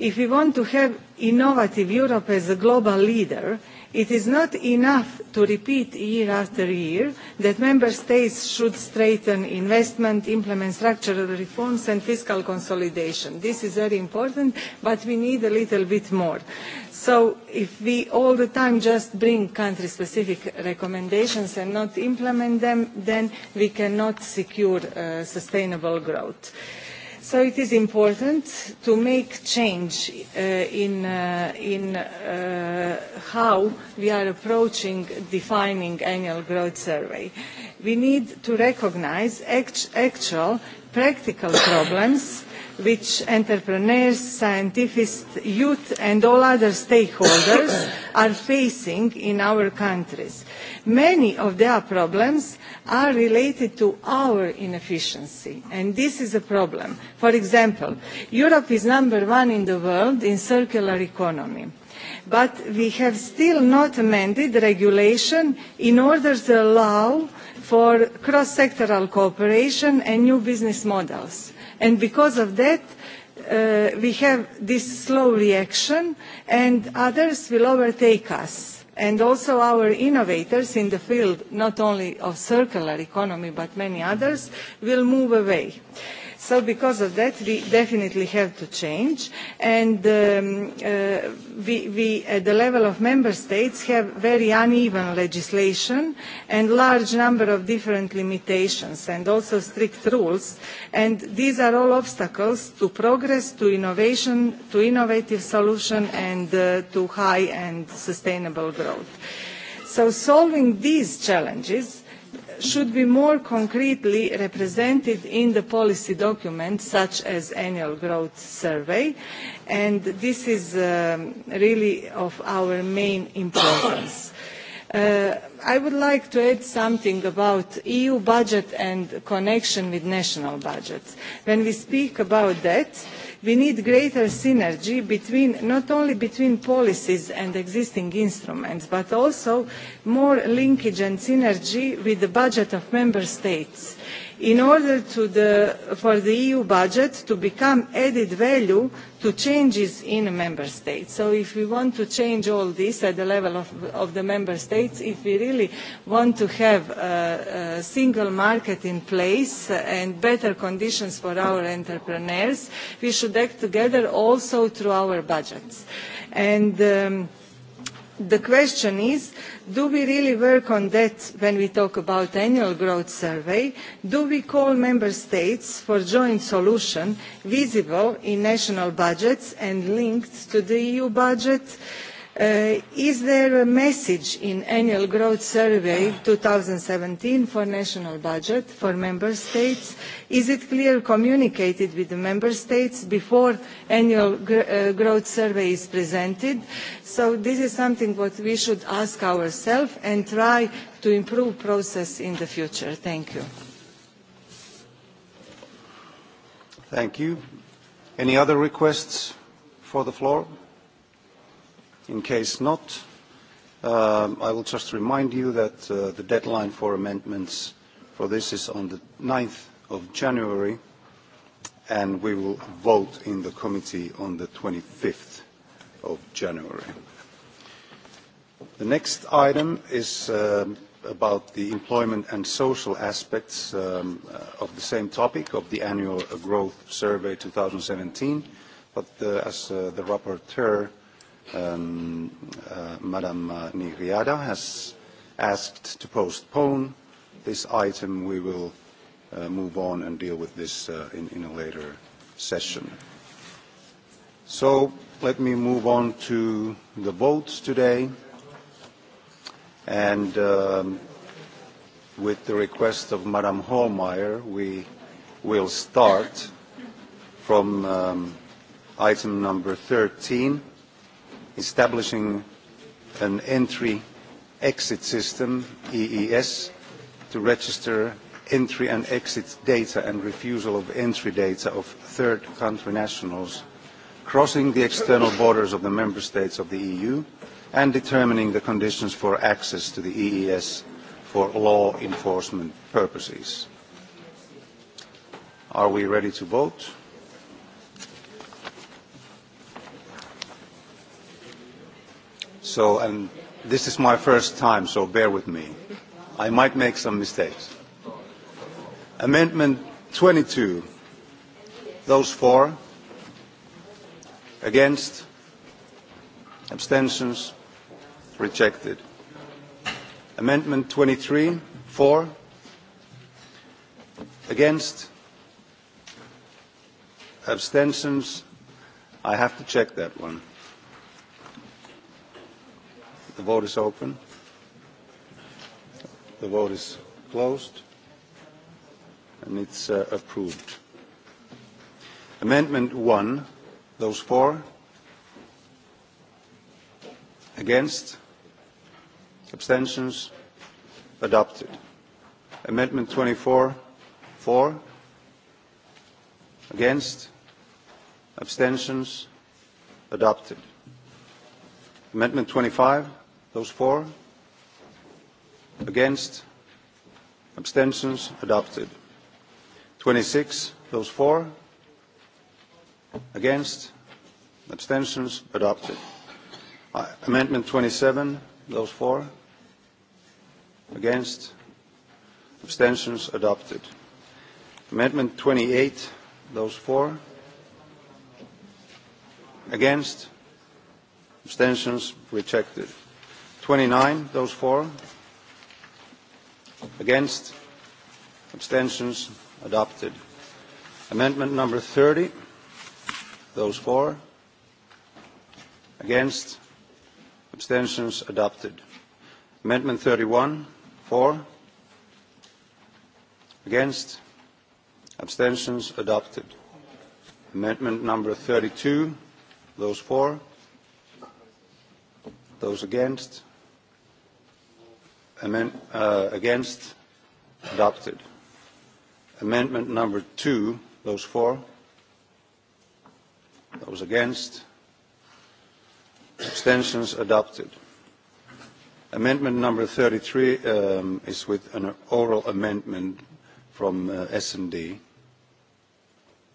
if we want to have innovative Europe as a global leader, it is not enough to repeat year after year that member states should strengthen investment, implement structural reforms and fiscal consolidation. This is very important, but we need a little bit more. So if we all the time just bring country-specific recommendations and not implement them, then we cannot secure uh, sustainable growth. So it is important to make change uh, in, uh, in uh, how we are approaching defining annual growth survey. We need to recognize act actual practical problems which entrepreneurs, scientists, youth and all other stakeholders are facing in our countries. Many of their problems are related to our inefficiency and this is a problem. For example, Europe is number one in the world in circular economy but we have still not amended regulation in order to allow for cross sectoral cooperation and new business models. And because of that, uh, we have this slow reaction and others will overtake us. And also our innovators in the field, not only of circular economy, but many others, will move away. Uh, So because of that, we definitely have to change. And um, uh, we, we, at the level of member states, have very uneven legislation and large number of different limitations and also strict rules. And these are all obstacles to progress, to innovation, to innovative solution, and uh, to high and sustainable growth. So solving these challenges should be more concretely represented in the policy documents such as annual growth survey and this is um, really of our main importance. Uh, I would like to add something about EU budget and connection with national budgets. When we speak about that, we need greater synergy between, not only between policies and existing instruments, but also more linkage and synergy with the budget of member states in order for the EU budget to become added value to changes in a member state. So if we want to change all this at the level of, the member states, if we really want to have a, single market in place and better conditions for our entrepreneurs, we should act together also through our budgets. And um, the question is do we really work on that when we talk about the annual growth survey? Do we call on member states for a joint solution visible in national budgets and linked to the EU budget? Uh, is there a message in annual growth survey 2017 for national budget for member states? Is it clear communicated with the member states before annual gr uh, growth survey is presented? So this is something what we should ask ourselves and try to improve process in the future. Thank you. Thank you. Any other requests for the floor? In case not, um, I will just remind you that uh, the deadline for amendments for this is on the 9th of January, and we will vote in the committee on the 25th of January. The next item is um, about the employment and social aspects um, uh, of the same topic of the annual growth survey 2017. But uh, as the rapporteur um, uh, Madam uh, has asked to postpone this item. We will uh, move on and deal with this uh, in, in a later session. So let me move on to the votes today. And um, with the request of Madam Hallmeyer, we will start from um, item number 13 establishing an entry exit system, EES, to register entry and exit data and refusal of entry data of third country nationals crossing the external borders of the member states of the EU and determining the conditions for access to the EES for law enforcement purposes. Are we ready to vote? So, and this is my first time, so bear with me. I might make some mistakes. Amendment 22. Those for? Against? Abstentions? Rejected. Amendment 23. For? Against? Abstentions? I have to check that one. The vote is open. The vote is closed. And it's uh, approved. Amendment 1, those for, against, abstentions, adopted. Amendment 24, for, against, abstentions, adopted. Amendment 25, Those for? Against? Abstentions? Adopted. 26. Those for? Against? Abstentions? Adopted. Uh, amendment 27. Those for? Against? Abstentions? Adopted. Amendment 28. Those for? Against? Abstentions? Rejected. 29, those for, against, abstentions, adopted. Amendment number 30, those for, against, abstentions, adopted. Amendment 31, for, against, abstentions, adopted. Amendment number 32, those for, those against, Amend, uh, against? Adopted. Amendment number two, those four. Those against? Abstentions adopted. Amendment number 33 um, is with an oral amendment from uh, S&D.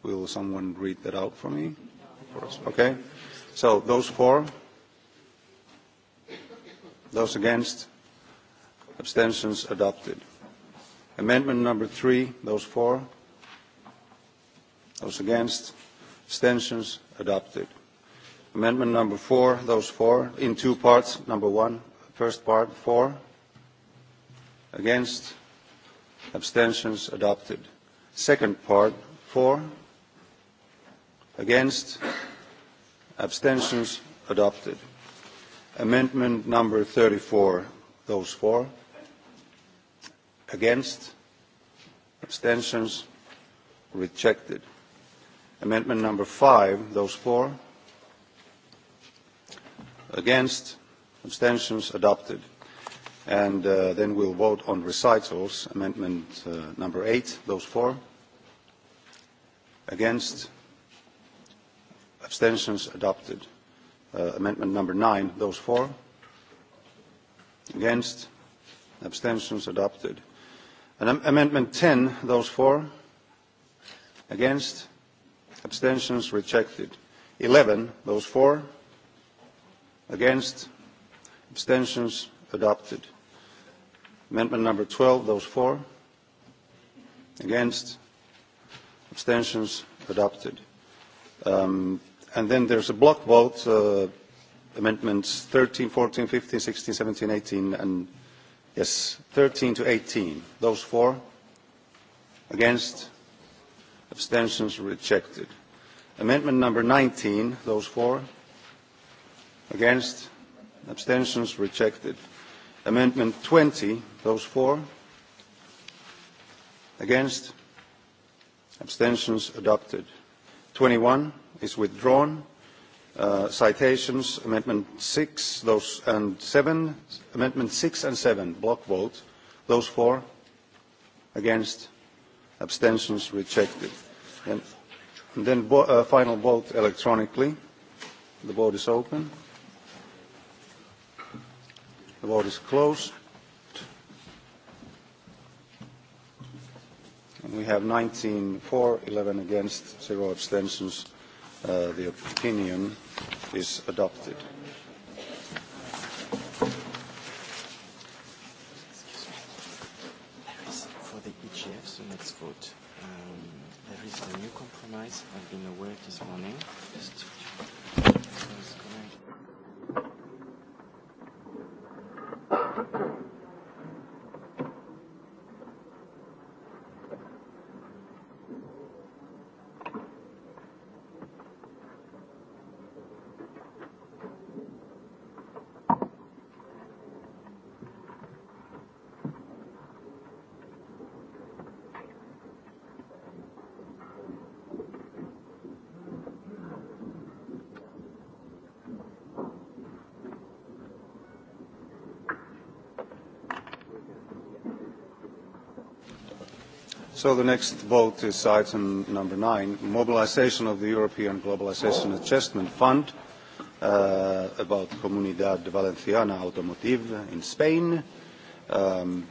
Will someone read that out for me? For us? Okay. So those four. Those against? abstentions adopted. Amendment number three, those for, those against, abstentions adopted. Amendment number four, those for, in two parts, number one, first part, for, against, abstentions adopted. Second part, for, against, abstentions adopted. Amendment number 34, those for, Against? Abstentions? Rejected. Amendment number five, those four Against? Abstentions? Adopted. And uh, then we'll vote on recitals. Amendment uh, number eight, those four Against? Abstentions? Adopted. Uh, amendment number nine, those four Against? Abstentions? Adopted amendment 10, those for, against, abstentions rejected. 11, those for, against, abstentions adopted. Amendment number 12, those for, against, abstentions adopted. Um, and then there's a block vote, uh, amendments 13, 14, 15, 16, 17, 18, and Yes, 13 to 18. Those for? Against? Abstentions rejected. Amendment number 19. Those for? Against? Abstentions rejected. Amendment 20. Those for? Against? Abstentions adopted. 21 is withdrawn. Uh, citations, Amendment six, those and seven, Amendment six and seven, block vote. Those for, against, abstentions rejected. And, then uh, final vote electronically. The vote is open. The vote is closed. And we have 19 for, 11 against, zero abstentions Uh, the opinion is adopted. For the EGF, so next vote. Um, there is a new compromise. I've been aware this morning. Just So the next vote is item number nine, mobilization of the European Globalization Adjustment Fund uh, about Comunidad Valenciana Automotive in Spain. Um,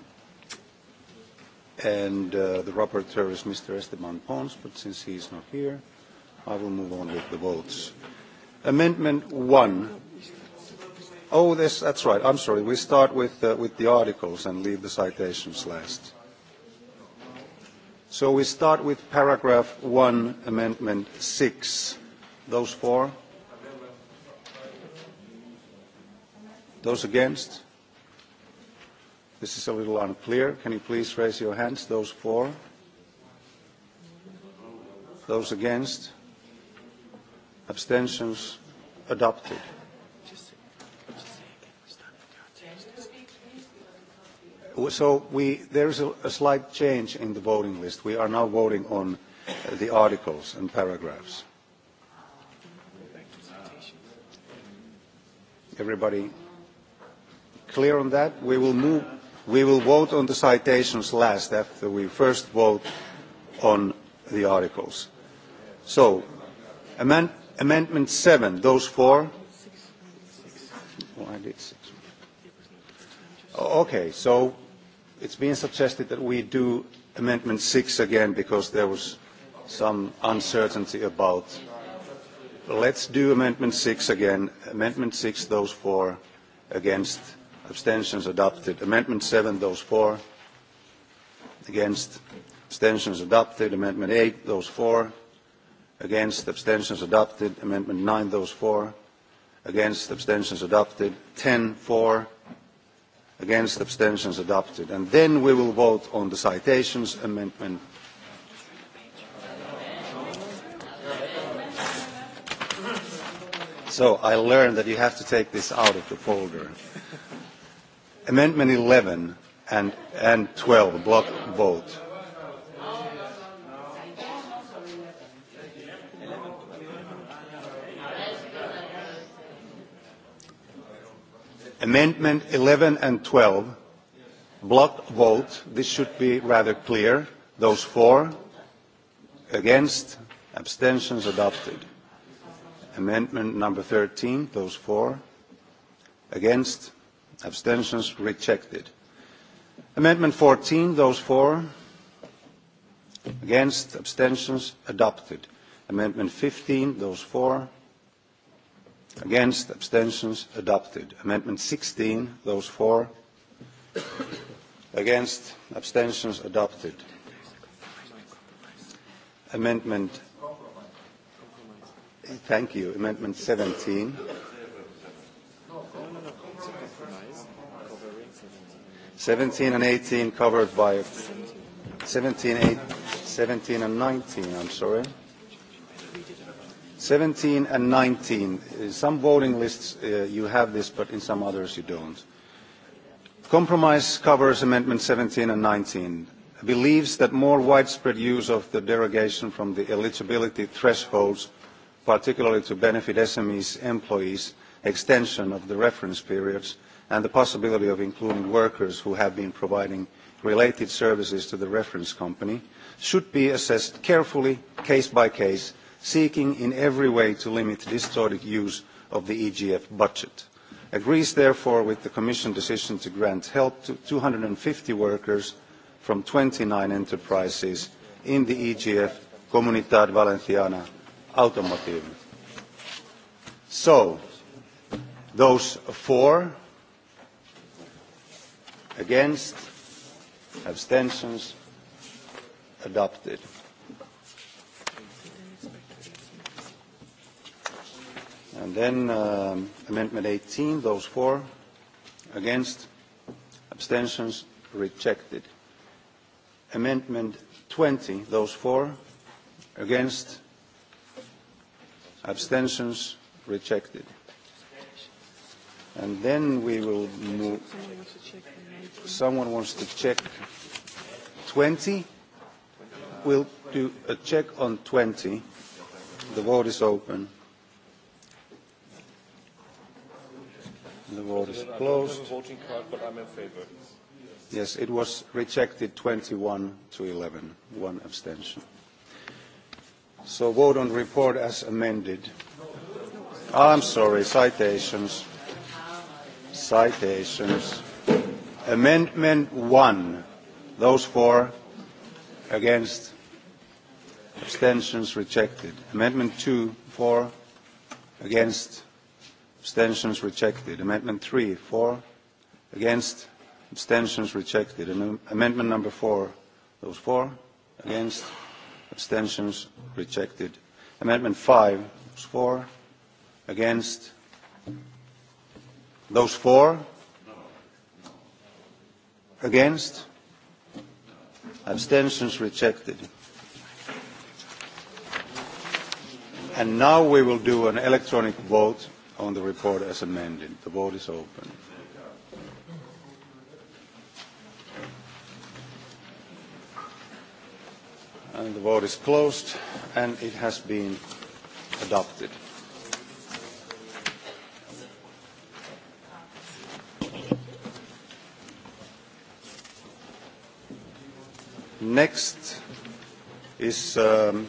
and uh, the rapporteur is Mr. Esteban Pons, but since he is not here, I will move on with the votes. Amendment one. Oh, this, that's right. I'm sorry. We start with, uh, with the articles and leave the citations last. So we start with paragraph 1, amendment 6. Those for? Those against? This is a little unclear. Can you please raise your hands? Those for? Those against? Abstentions adopted. so there is a, slight change in the voting list. We are now voting on uh, the articles and paragraphs. Everybody clear on that? We will move. We will vote on the citations last after we first vote on the articles. So, amend, amendment 7, Those four. Oh, did six. Okay, so it's been suggested that we do Amendment 6 again because there was some uncertainty about. Let's do Amendment 6 again. Amendment 6, those four against, abstentions adopted. Amendment 7, those four against, abstentions adopted. Amendment 8, those four against, abstentions adopted. Amendment 9, those four against, abstentions adopted. 10, four against abstentions adopted and then we will vote on the citations amendment so i learned that you have to take this out of the folder amendment 11 and and 12 block vote Amendment 11 and 12, block vote. This should be rather clear. Those for, against, abstentions adopted. Amendment number 13, those for, against, abstentions rejected. Amendment 14, those for, against, abstentions adopted. Amendment 15, those for, Against, abstentions, adopted. Amendment 16, those for. Against, abstentions, adopted. Amendment. Thank you. Amendment 17. Seventeen and eighteen covered by seventeen, eight, seventeen and nineteen. I'm sorry. 17 and 19. In some voting lists uh, you have this, but in some others you don't. Compromise covers Amendment 17 and 19. Believes that more widespread use of the derogation from the eligibility thresholds, particularly to benefit SMEs, employees, extension of the reference periods, and the possibility of including workers who have been providing related services to the reference company should be assessed carefully, case by case, seeking in every way to limit distorted use of the EGF budget. Agrees therefore with the Commission decision to grant help to 250 workers from 29 enterprises in the EGF Comunidad Valenciana Automotive. So, those for, against, abstentions, adopted. And then um, Amendment 18, those for, against, abstentions, rejected. Amendment 20, those for, against, abstentions, rejected. And then we will move. Someone wants to check 20. We'll do a check on 20. The vote is open. The vote is closed. voting card, but I'm in favor. Yes, it was rejected 21 to 11, one abstention. So vote on report as amended. Ah, I'm sorry, citations. Citations. Amendment 1. Those for, against, abstentions rejected. Amendment 2, for, against, abstentions rejected. Amendment 3, for, against, abstentions rejected. Am amendment number 4, those for, against, abstentions rejected. Amendment 5, those for, against, those for, against, abstentions rejected. And now we will do an electronic vote on the report as amended. The vote is open. And the vote is closed, and it has been adopted. Next is um,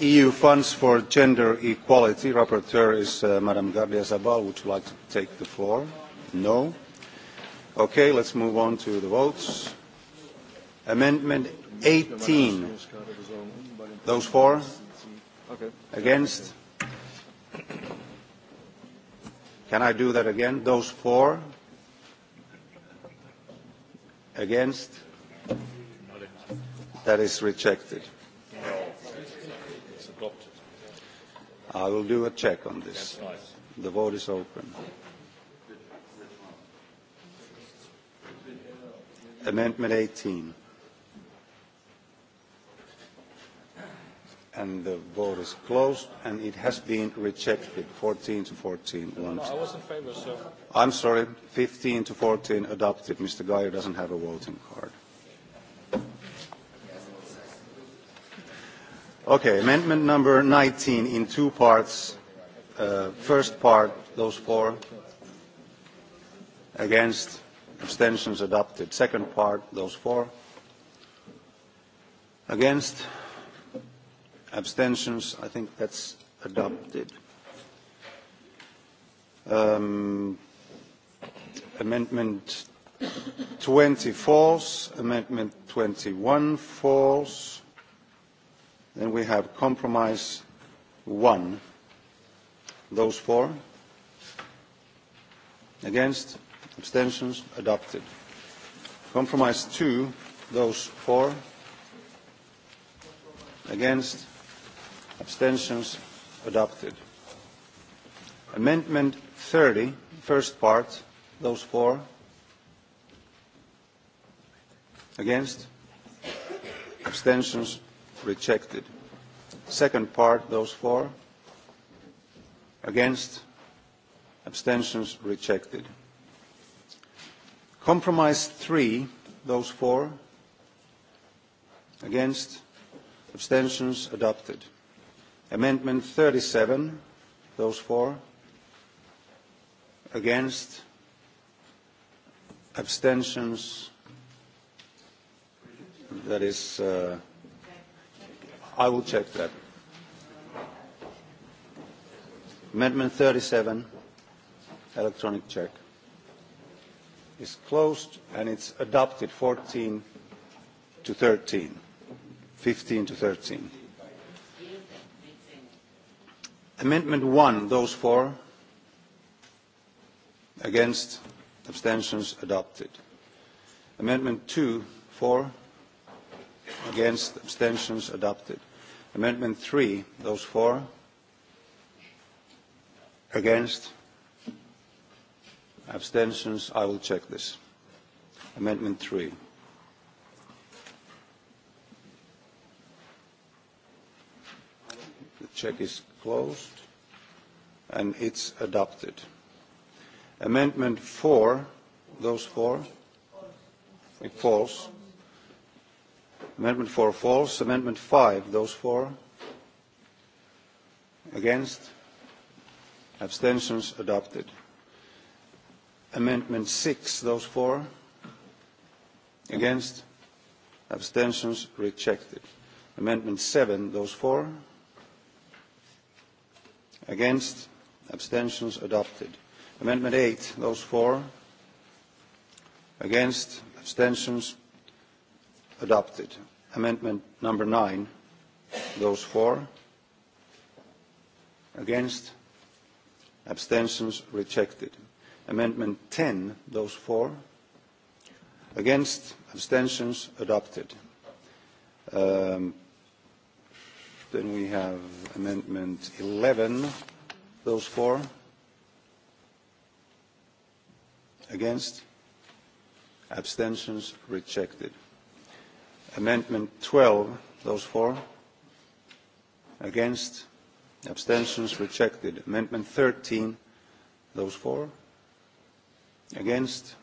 EU funds for gender equality. Rapporteur is uh, Madame Gardia Zabal. Would you like to take the floor? No. Okay, let's move on to the votes. Amendment 18. Those for? Okay. Against? Can I do that again? Those for? Against? That is rejected. I will do a check on this. The vote is open. Amendment 18. and the vote is closed and it has been rejected 14 to 14 no, once. No, I was in favor, sir I'm sorry, 15 to 14 adopted. Mr. Geyer doesn't have a voting card. Okay, amendment number 19 in two parts. Uh, first part, those four. against, abstentions adopted. Second part, those four. against, abstentions, I think that's adopted. Um, amendment 20 false. amendment 21 false. Then we have compromise one. Those for? Against? Abstentions? Adopted. Compromise two. Those for? Against? Abstentions? Adopted. Amendment 30, first part. Those for? Against? Abstentions? rejected. Second part, those for, against, abstentions rejected. Compromise three, those for, against, abstentions adopted. Amendment 37, those for, against, abstentions that is uh, i will check that. Amendment 37, electronic check, is closed and it's adopted 14 to 13, 15 to 13. Amendment 1, those four, against, abstentions adopted. Amendment 2, four against abstentions adopted amendment 3 those four. against abstentions i will check this amendment 3 the check is closed and it's adopted amendment 4 those four. it falls Amendment 4 false, Amendment 5, those four Against? Abstentions adopted. Amendment 6, those four Against? Abstentions rejected. Amendment 7, those four Against? Abstentions adopted. Amendment 8, those four Against? Abstentions adopted. Amendment number nine. Those for? Against? Abstentions rejected. Amendment 10. Those for? Against? Abstentions adopted. Um, then we have Amendment 11. Those for? Against? Abstentions rejected. Amendment 12, those for, against, abstentions rejected. Amendment 13, those for, against,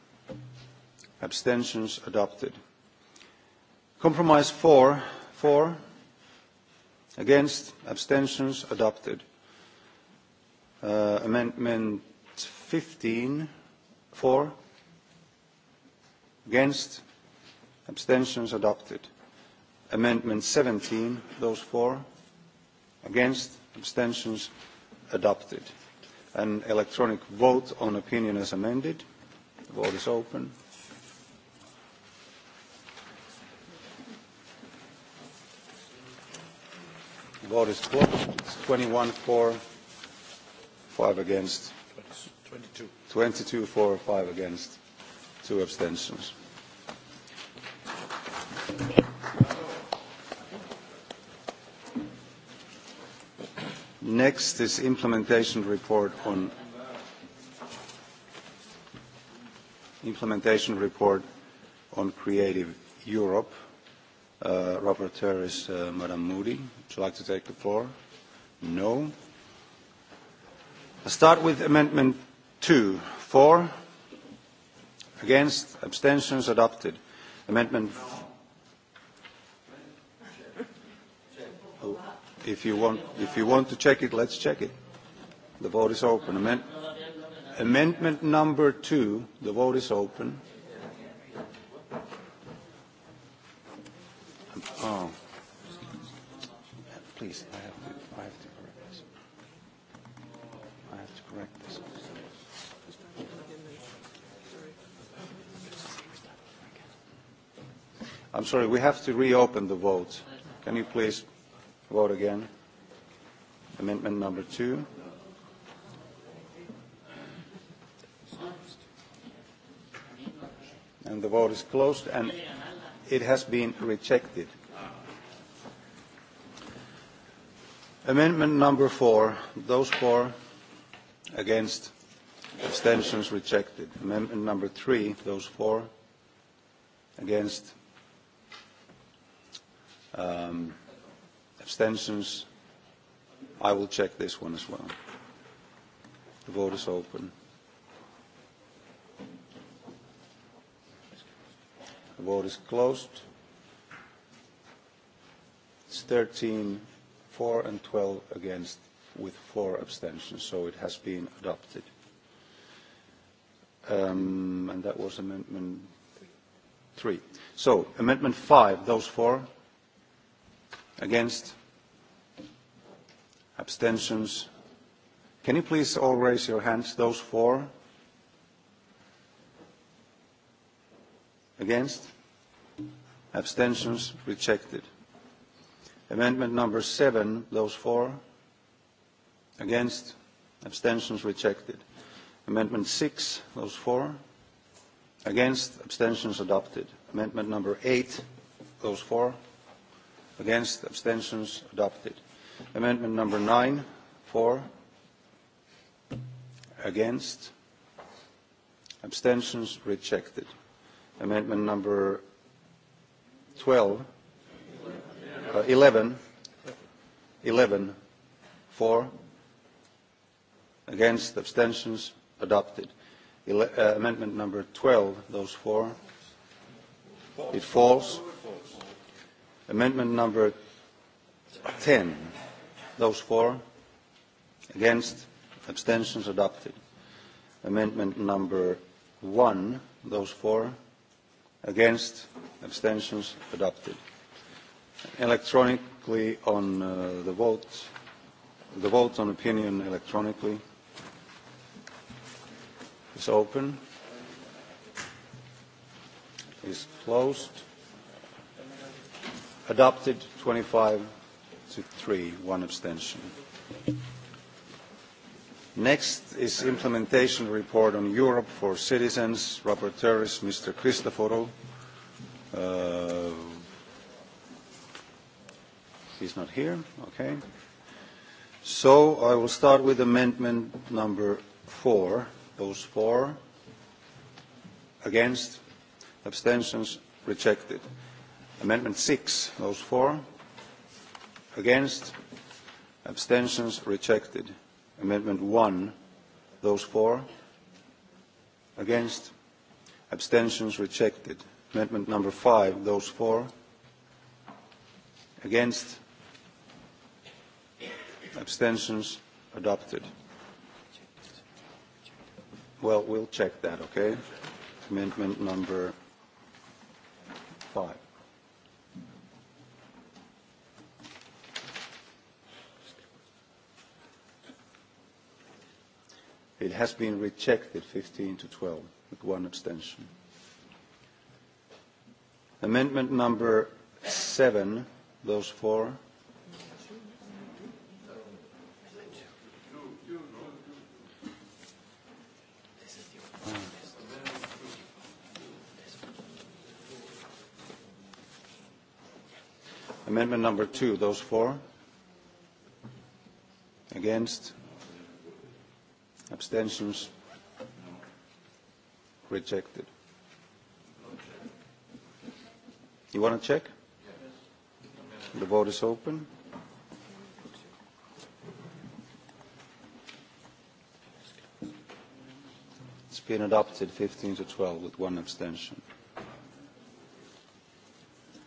abstentions adopted. Compromise 4, for, against, abstentions adopted. Uh, amendment 15, for, against, abstentions adopted. Amendment 17, those four, against, abstentions adopted. An electronic vote on opinion as amended. The vote is open. The vote is closed. It's 21 for, 5 against. 22. 22 for, 5 against, two abstentions. Next is implementation report on implementation report on Creative Europe. Uh, rapporteur is uh, Madame Moody. Would you like to take the floor? No. I start with Amendment 2. four. against, abstentions adopted. Amendment If you want, if you want to check it, let's check it. The vote is open. Amend Amendment number two, the vote is open. Oh. Please, I have to, I have to correct this. I have to correct this. I'm sorry, we have to reopen the vote. Can you please Vote again. Amendment number two. And the vote is closed and it has been rejected. Amendment number four. Those four against, abstentions rejected. Amendment number three. Those four against, um, Abstentions? I will check this one as well. The vote is open. The vote is closed. It's 13 for and 12 against with four abstentions, so it has been adopted. Um, and that was amendment three. So amendment five, those four. Against? Abstentions? Can you please all raise your hands, those for? Against? Abstentions? Rejected. Amendment number seven, those for? Against? Abstentions? Rejected. Amendment six, those for? Against? Abstentions? Adopted. Amendment number eight, those for? against abstentions adopted amendment number 9 for against abstentions rejected amendment number 12 uh, 11 11 for against abstentions adopted Ele uh, amendment number 12 those four it falls Amendment number 10. Those for? Against? Abstentions adopted. Amendment number 1. Those for? Against? Abstentions adopted. Electronically on uh, the vote. The vote on opinion electronically is open. Is closed. Adopted 25 to 3, one abstention. Next is implementation report on Europe for citizens. Rapporteur is Mr. Christoforo, Uh, he's not here. Okay. So I will start with amendment number four. Those four. against, abstentions, rejected. Amendment 6, those for, against, abstentions rejected. Amendment 1, those for, against, abstentions rejected. Amendment number 5, those for, against, abstentions adopted. Well, we'll check that, okay? Amendment number 5. It has been rejected 15 to 12 with one abstention. Amendment number seven, those four. Amendment number two, those four. Against? Abstentions? Rejected. You want to check? The vote is open. It's been adopted 15 to 12 with one abstention.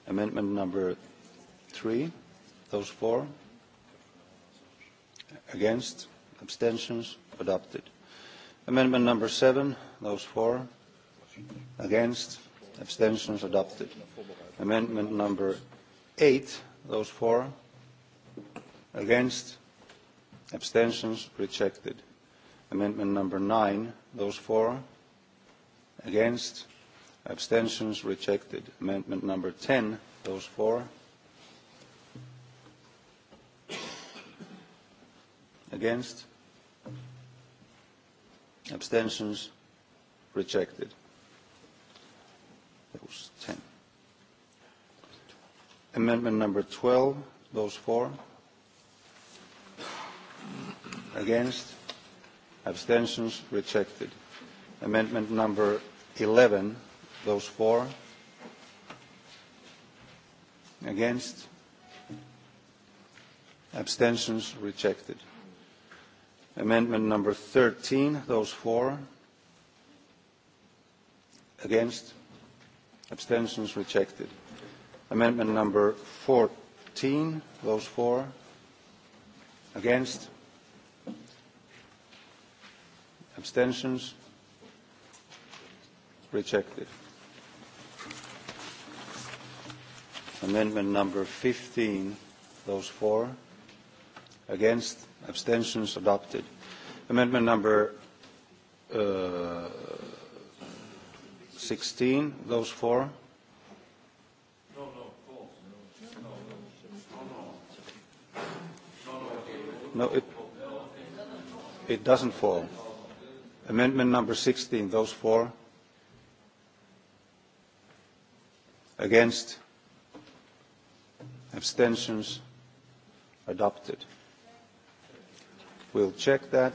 Amendment number three. Those four, Against? Abstentions? adopted. Amendment number seven, those for, against, abstentions adopted. Amendment number eight, those for, against, abstentions rejected. Amendment number nine, those for, against, abstentions rejected. Amendment number 10, those for, against, abstentions rejected those 10 amendment number 12 those four against abstentions rejected amendment number 11 those four against abstentions rejected Amendment number 13, those for, against, abstentions rejected. Amendment number 14, those for, against, abstentions rejected. Amendment number 15, those for, against, Abstentions? Adopted. Amendment number uh, 16. Those four. No, no, No, no. No, no. No, it, it doesn't fall. Amendment number 16. Those four. Against? Abstentions? Adopted. We'll check that.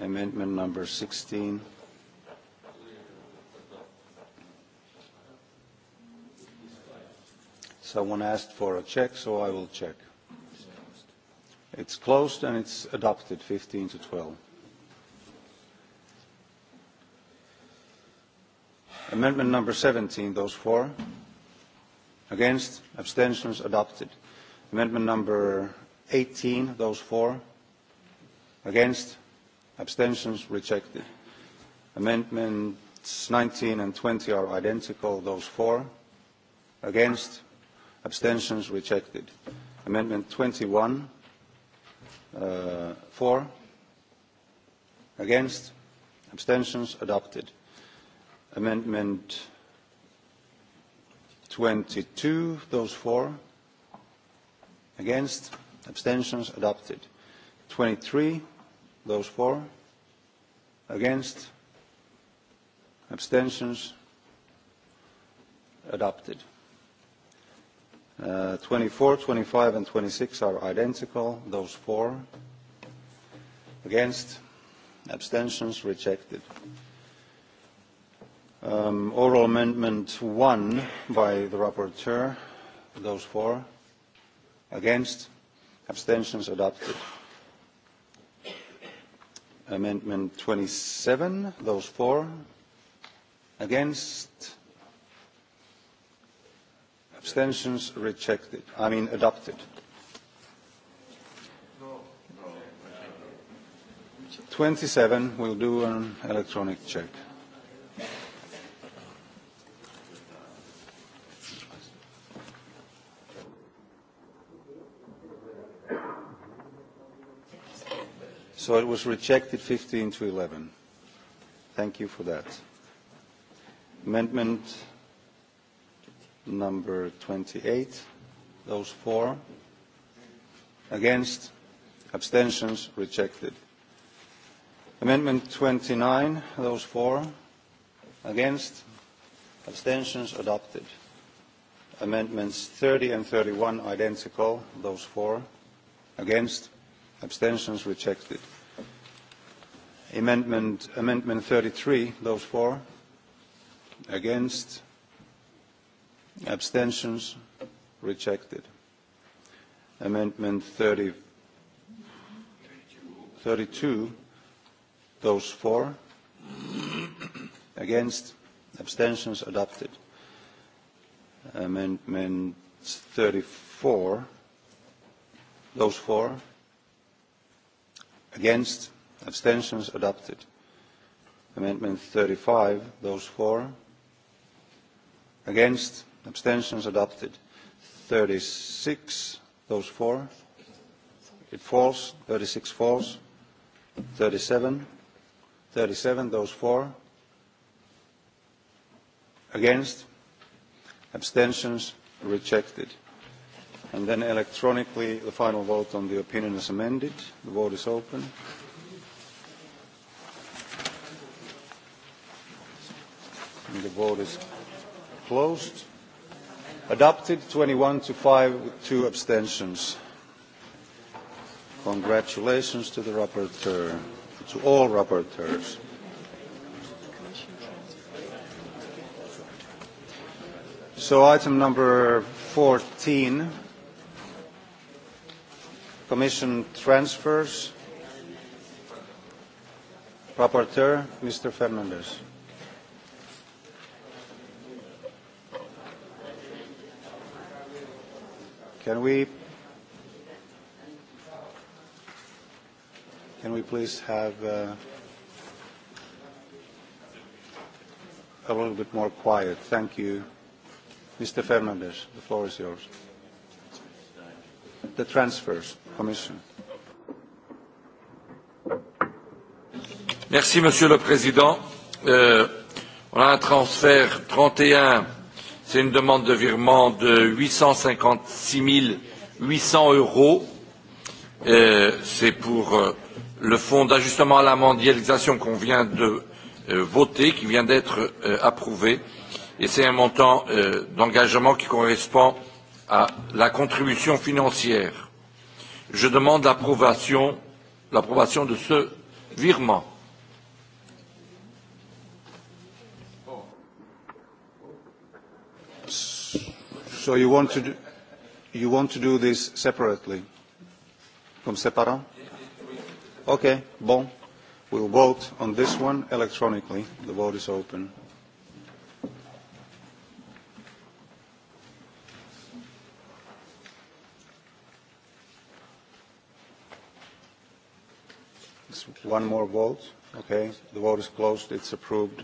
Amendment number 16. Someone asked for a check, so I will check. It's closed and it's adopted 15 to 12. Amendment number 17, those four. Against? Abstentions? Adopted. Amendment number 18, those four. against, abstentions rejected. Amendments 19 and 20 are identical, those four. against, abstentions rejected. Amendment 21, uh, for, against, abstentions adopted. Amendment 22, those four. against, abstentions adopted 23 those four. against abstentions adopted uh, 24 25 and 26 are identical those four. against abstentions rejected um, oral amendment 1 by the rapporteur those four. against Abstentions adopted. Amendment 27, those for. Against. Abstentions rejected. I mean adopted. 27 we'll do an electronic check. So it was rejected 15 to 11. Thank you for that. Amendment number 28. Those four. against, abstentions, rejected. Amendment 29. Those four. against, abstentions, adopted. Amendments 30 and 31 identical. Those four. against, abstentions, rejected. Amendment, amendment 33, those four, against, abstentions, rejected. Amendment 30, 32, those four, against, abstentions, adopted. Amendment 34, those four, against, Abstentions adopted. Amendment 35, those for. Against, abstentions adopted. 36, those for. It falls. 36 falls. 37, 37, those for. Against, abstentions rejected. And then electronically, the final vote on the opinion is amended. The vote is open. and the vote is closed. Adopted 21 to 5 with two abstentions. Congratulations to the rapporteur, to all rapporteurs. So item number 14, Commission transfers. Rapporteur, Mr. Fernandez. Can we Can we please have uh, a little bit more quiet? Thank you. Mr. Fernandez, the floor is yours. The transfers, Commission. Merci, Monsieur le Président. Euh, on a un transfert 31 C'est une demande de virement de 856 800 euros. Euh, c'est pour euh, le fonds d'ajustement à la mondialisation qu'on vient de euh, voter, qui vient d'être approuvé. Et c'est un montant d'engagement qui correspond à la contribution financière. Je demande l'approbation de ce virement. So you want to do, you want to do this separately? Comme Separa? Okay, bon. We'll vote on this one electronically. The vote is open. It's one more vote. Okay, the vote is closed. It's approved.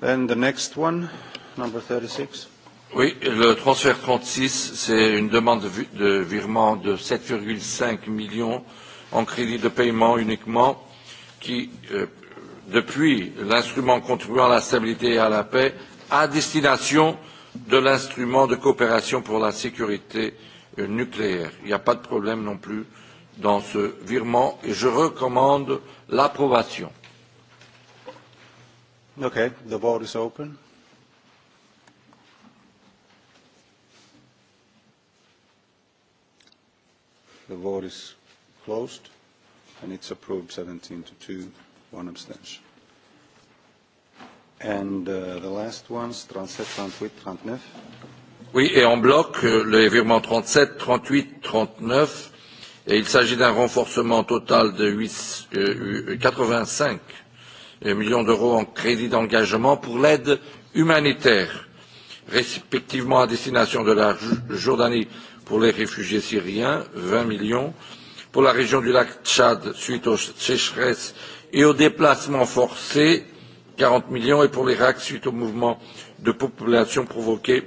Then the next one, number 36. Oui, le transfert 36, c'est une demande de, de virement de 7,5 millions en crédit de paiement uniquement, qui, euh, depuis l'instrument contribuant à la stabilité et à la paix, à destination de l'instrument de coopération pour la sécurité euh, nucléaire. Il n'y a pas de problème non plus dans ce virement et je recommande l'approbation. Okay, the vote is open. The vote is closed, and it's approved 17 to 2, one abstention. And uh, the last ones, 37, 38, 39. Oui, et en bloc, les virements 37, 38, 39, et il s'agit d'un renforcement total de 8, euh, 85 euh, euh, millions d'euros en crédit d'engagement pour l'aide humanitaire, respectivement à destination de la Jordanie pour les réfugiés syriens, 20 millions. Pour la région du lac Tchad, suite aux sécheresses et aux déplacements forcés, 40 millions. Et pour l'Irak, suite au mouvement de population provoqué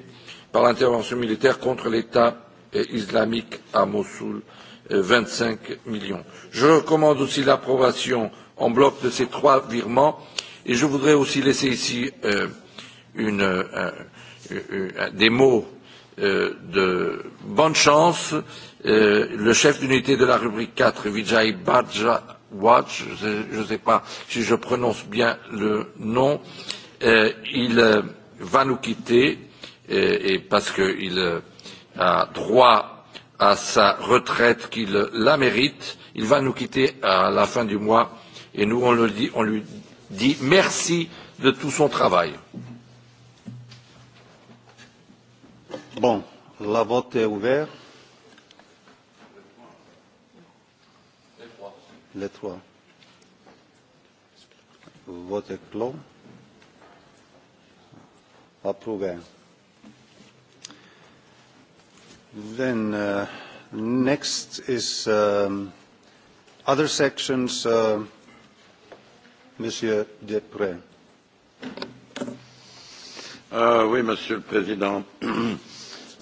par l'intervention militaire contre l'État islamique à Mossoul, 25 euh, millions. Je recommande aussi l'approbation en bloc de ces trois virements et je voudrais aussi laisser ici euh, une, euh, euh, euh des mots Euh, de bonne chance. Euh, le chef d'unité de la rubrique 4, Vijay Bhajwaj, je ne sais pas si je prononce bien le nom, euh, il euh, va nous quitter euh, et parce qu'il euh, a droit à sa retraite qu'il la mérite. Il va nous quitter à la fin du mois et nous, on, le dit, on lui dit merci de tout son travail. Bon, la vote est ouverte. Les trois. Vote est clos. Approuvé. Then uh, next is um, other sections. Uh, Monsieur Deprez. Euh, oui, Monsieur le Président.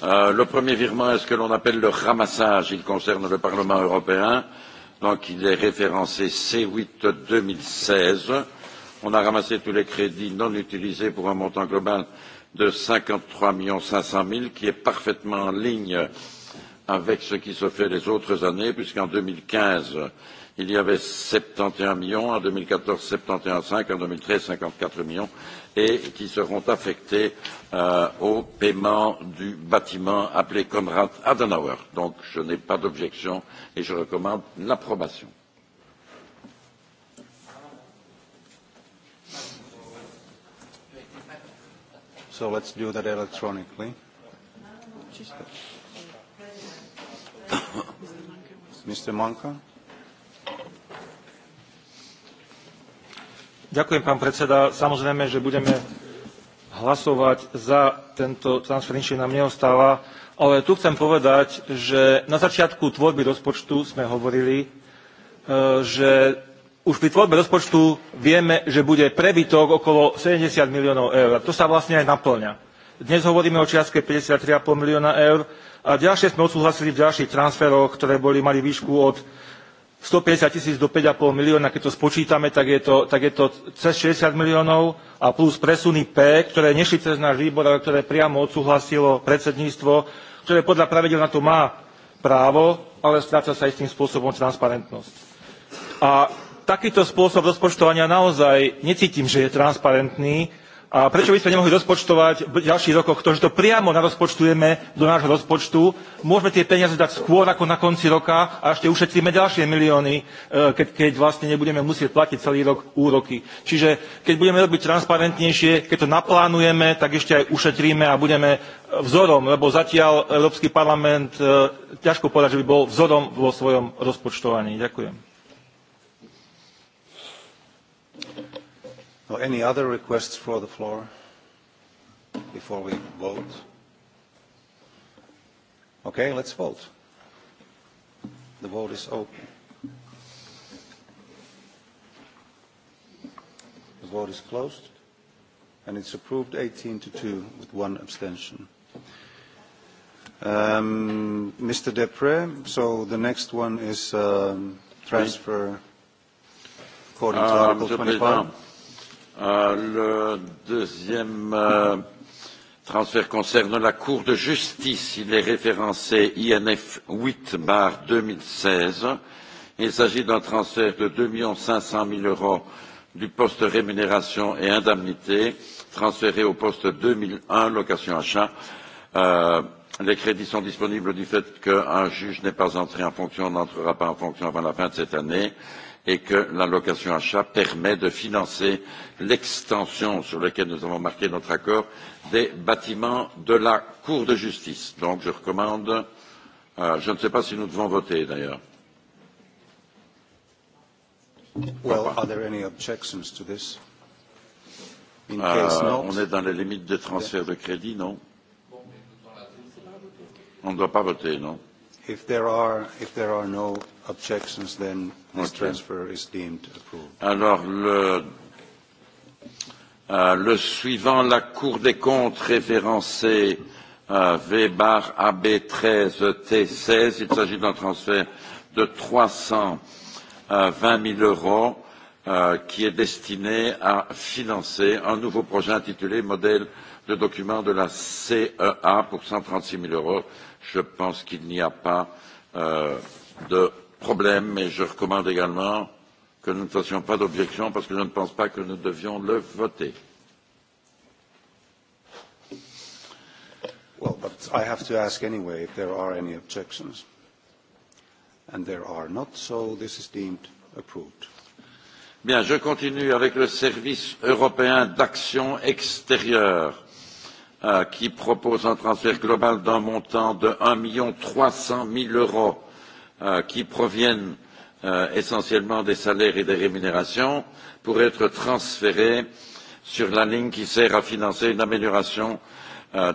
Euh, le premier virement est ce que l'on appelle le ramassage. Il concerne le Parlement européen. Donc il est référencé C8 2016. On a ramassé tous les crédits non utilisés pour un montant global de 53 500 000 qui est parfaitement en ligne avec ce qui se fait les autres années puisqu'en 2015 il y avait 71 millions, en 2014 71,5, en 2013 54 millions et qui seront affectés euh, au paiement du bâtiment appelé Konrad Adenauer. Donc je n'ai pas d'objection et je recommande l'approbation. So let's do that electronically. Mr. Monka? Ďakujem, pán predseda. Samozrejme, že budeme hlasovať za tento transfer inšie nám neostáva, ale tu chcem povedať, že na začiatku tvorby rozpočtu sme hovorili, e, že už pri tvorbe rozpočtu vieme, že bude prebytok okolo 70 miliónov eur. A to sa vlastne aj naplňa. Dnes hovoríme o čiastke 53,5 milióna eur a ďalšie sme odsúhlasili v ďalších transferoch, ktoré boli, mali výšku od 150 tisíc do 5,5 milióna, keď to spočítame, tak je to, tak je to cez 60 miliónov a plus presuny P, ktoré nešli cez náš výbor, ale ktoré priamo odsúhlasilo predsedníctvo, ktoré podľa pravidel na to má právo, ale stráca sa istým spôsobom transparentnosť. A takýto spôsob rozpočtovania naozaj necítim, že je transparentný, a prečo by sme nemohli rozpočtovať v ďalších rokoch to, že to priamo narozpočtujeme do nášho rozpočtu? Môžeme tie peniaze dať skôr ako na konci roka a ešte ušetríme ďalšie milióny, e, keď, keď vlastne nebudeme musieť platiť celý rok úroky. Čiže keď budeme robiť transparentnejšie, keď to naplánujeme, tak ešte aj ušetríme a budeme vzorom, lebo zatiaľ Európsky parlament, e, ťažko povedať, že by bol vzorom vo svojom rozpočtovaní. Ďakujem. Or any other requests for the floor before we vote? Okay, let's vote. The vote is open. The vote is closed, and it's approved 18 to 2 with one abstention. Um, Mr. Depre, so the next one is um, transfer according to uh, Article 25. Euh, le deuxième euh, transfert concerne la Cour de justice. Il est référencé INF 8 bar 2016. Il s'agit d'un transfert de 2 500 000 euros du poste rémunération et indemnité transféré au poste 2001 location achat. Euh, les crédits sont disponibles du fait qu'un juge n'est pas entré en fonction, n'entrera pas en fonction avant la fin de cette année. Euh, et que l'allocation achat permet de financer l'extension sur laquelle nous avons marqué notre accord des bâtiments de la Cour de justice. Donc je recommande euh, je ne sais pas si nous devons voter d'ailleurs. Well, are there any objections to this? In euh, case not, on est dans les limites des transferts de crédit, non On ne doit pas voter, non If there are, if there are no objections, then this transfer is deemed approved. Alors, le, euh, le suivant, la Cour des comptes référencée euh, V bar AB 13 T16, il s'agit d'un transfert de 320 000 euh, euros euh, qui est destiné à financer un nouveau projet intitulé Modèle de document de la CEA pour 136 000 euros je pense qu'il n'y a pas euh, de problème, et je recommande également que nous ne fassions pas d'objection parce que je ne pense pas que nous devions le voter. Well, but I have to ask anyway if there are any objections. And there are not, so this is deemed approved. Bien, je continue avec le service européen d'action extérieure Euh, qui propose un transfert global d'un montant de 1 300 000 euros euh, qui proviennent euh, essentiellement des salaires et des rémunérations pour être transférés sur la ligne qui sert à financer une amélioration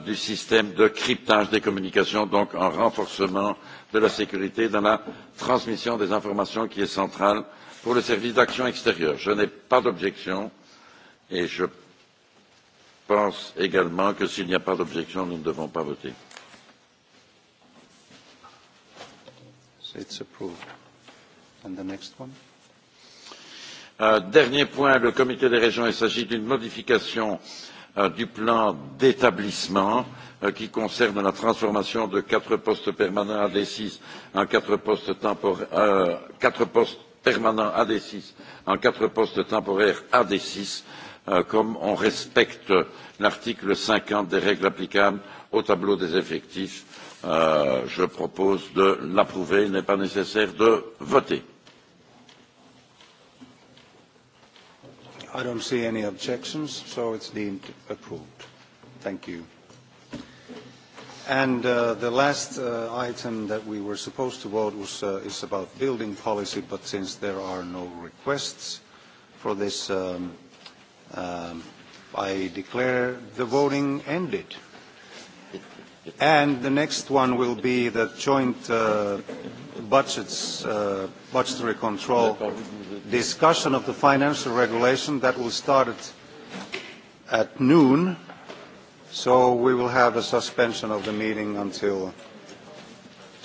du système de cryptage des communications, donc un renforcement de la sécurité dans la transmission des informations qui est centrale pour le service d'action extérieure. Je n'ai pas d'objection et je pense également que s'il n'y a pas d'objection, nous ne devons pas voter. it's approved. And the next one? Uh, dernier point, le comité des régions, il s'agit d'une modification euh, du plan d'établissement euh, qui concerne la transformation de quatre postes permanents à AD6 en quatre postes, euh, quatre postes permanents à AD6 en quatre postes temporaires à AD6 Euh, comme on respecte l'article cinquante des règles applicables au tableau des effectifs euh, je propose de l'approuver il n'est pas nécessaire de voter. I don't see any objections, so it's deemed approved. Thank you. And uh, the last uh, item that we were supposed to vote was, uh, is about building policy, but since there are no requests for this um, Um, I declare the voting ended. And the next one will be the joint uh, budgets, uh, budgetary control discussion of the financial regulation that will start at, at noon. So we will have a suspension of the meeting until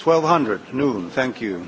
1200 noon. Thank you.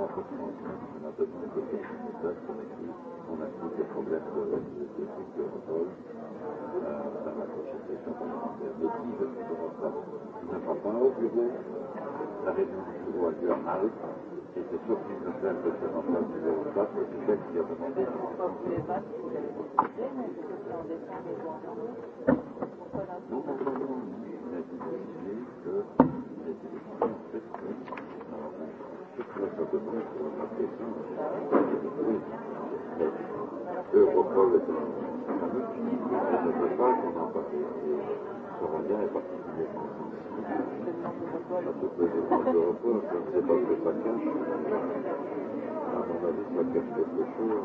on comprend qu'on a besoin de quelque chose qu'on écrit, on inclut les problèmes de, de, de culture euh, dans la prochaine session parlementaire. Mais si je ne commence pas, tu ne vas pas au bureau, la réunion du bureau a lieu à Malte, et c'est sûr qu'il ne fait que ça en place du bureau de passe, c'est quelqu'un qui a demandé. Non, non, non, non, Eux reçoivent les Ils ne veulent pas qu'on en parle. Ce Rwanda est particulièrement sensible à toutes les demandes de repos. Je ne sais pas ce que ça cache. À mon avis, ça cache quelque chose.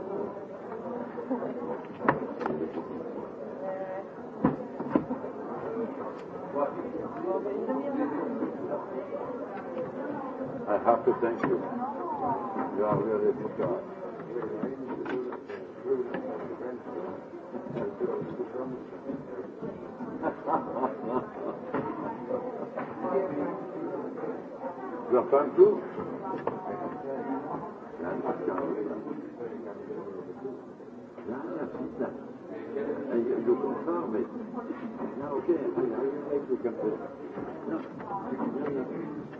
Thank you. I have to thank you. You are really a good guy. you are fun too? Yeah, okay, I, I will make you confirm. No, no, no.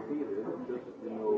just know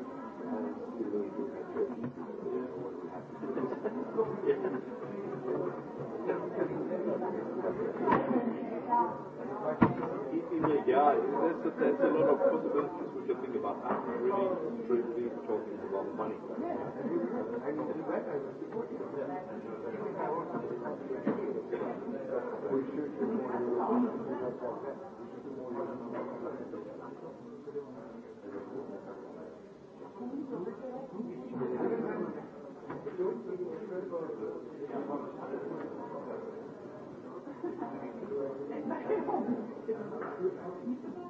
there's a lot of possibilities which I think about after really, really talking about money. We should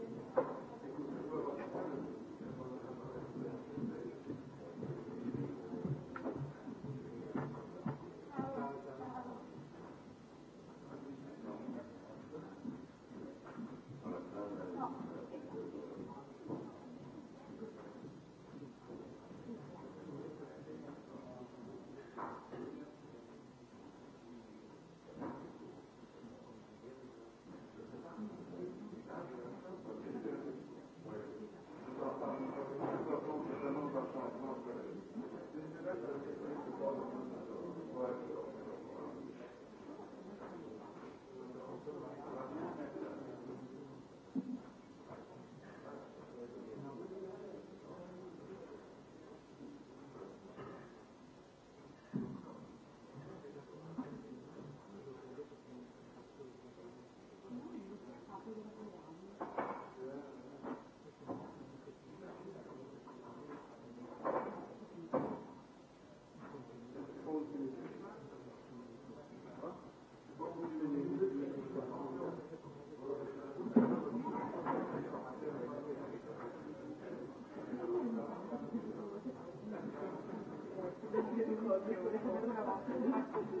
Thank you.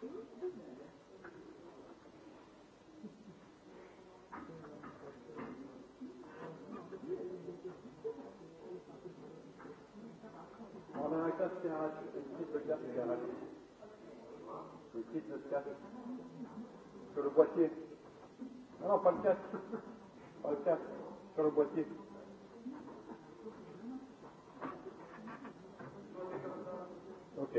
On Sur le boîtier. Non, non, pas le casque. Pas le casque. Sur le boîtier. Ok.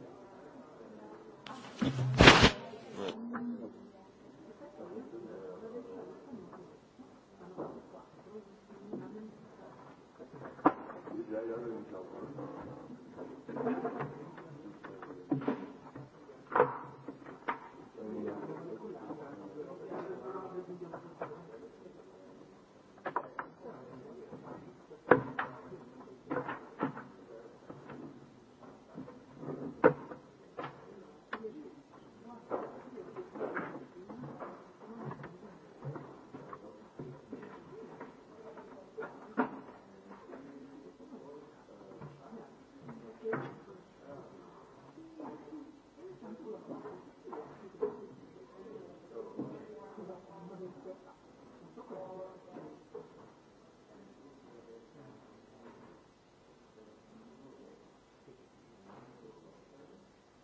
Ja, ja, ja, ja.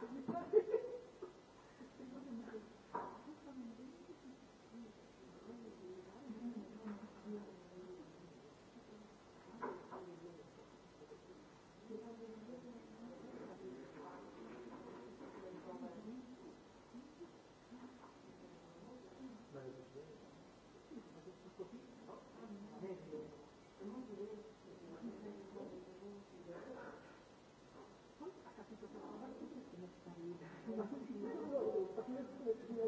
Thank you.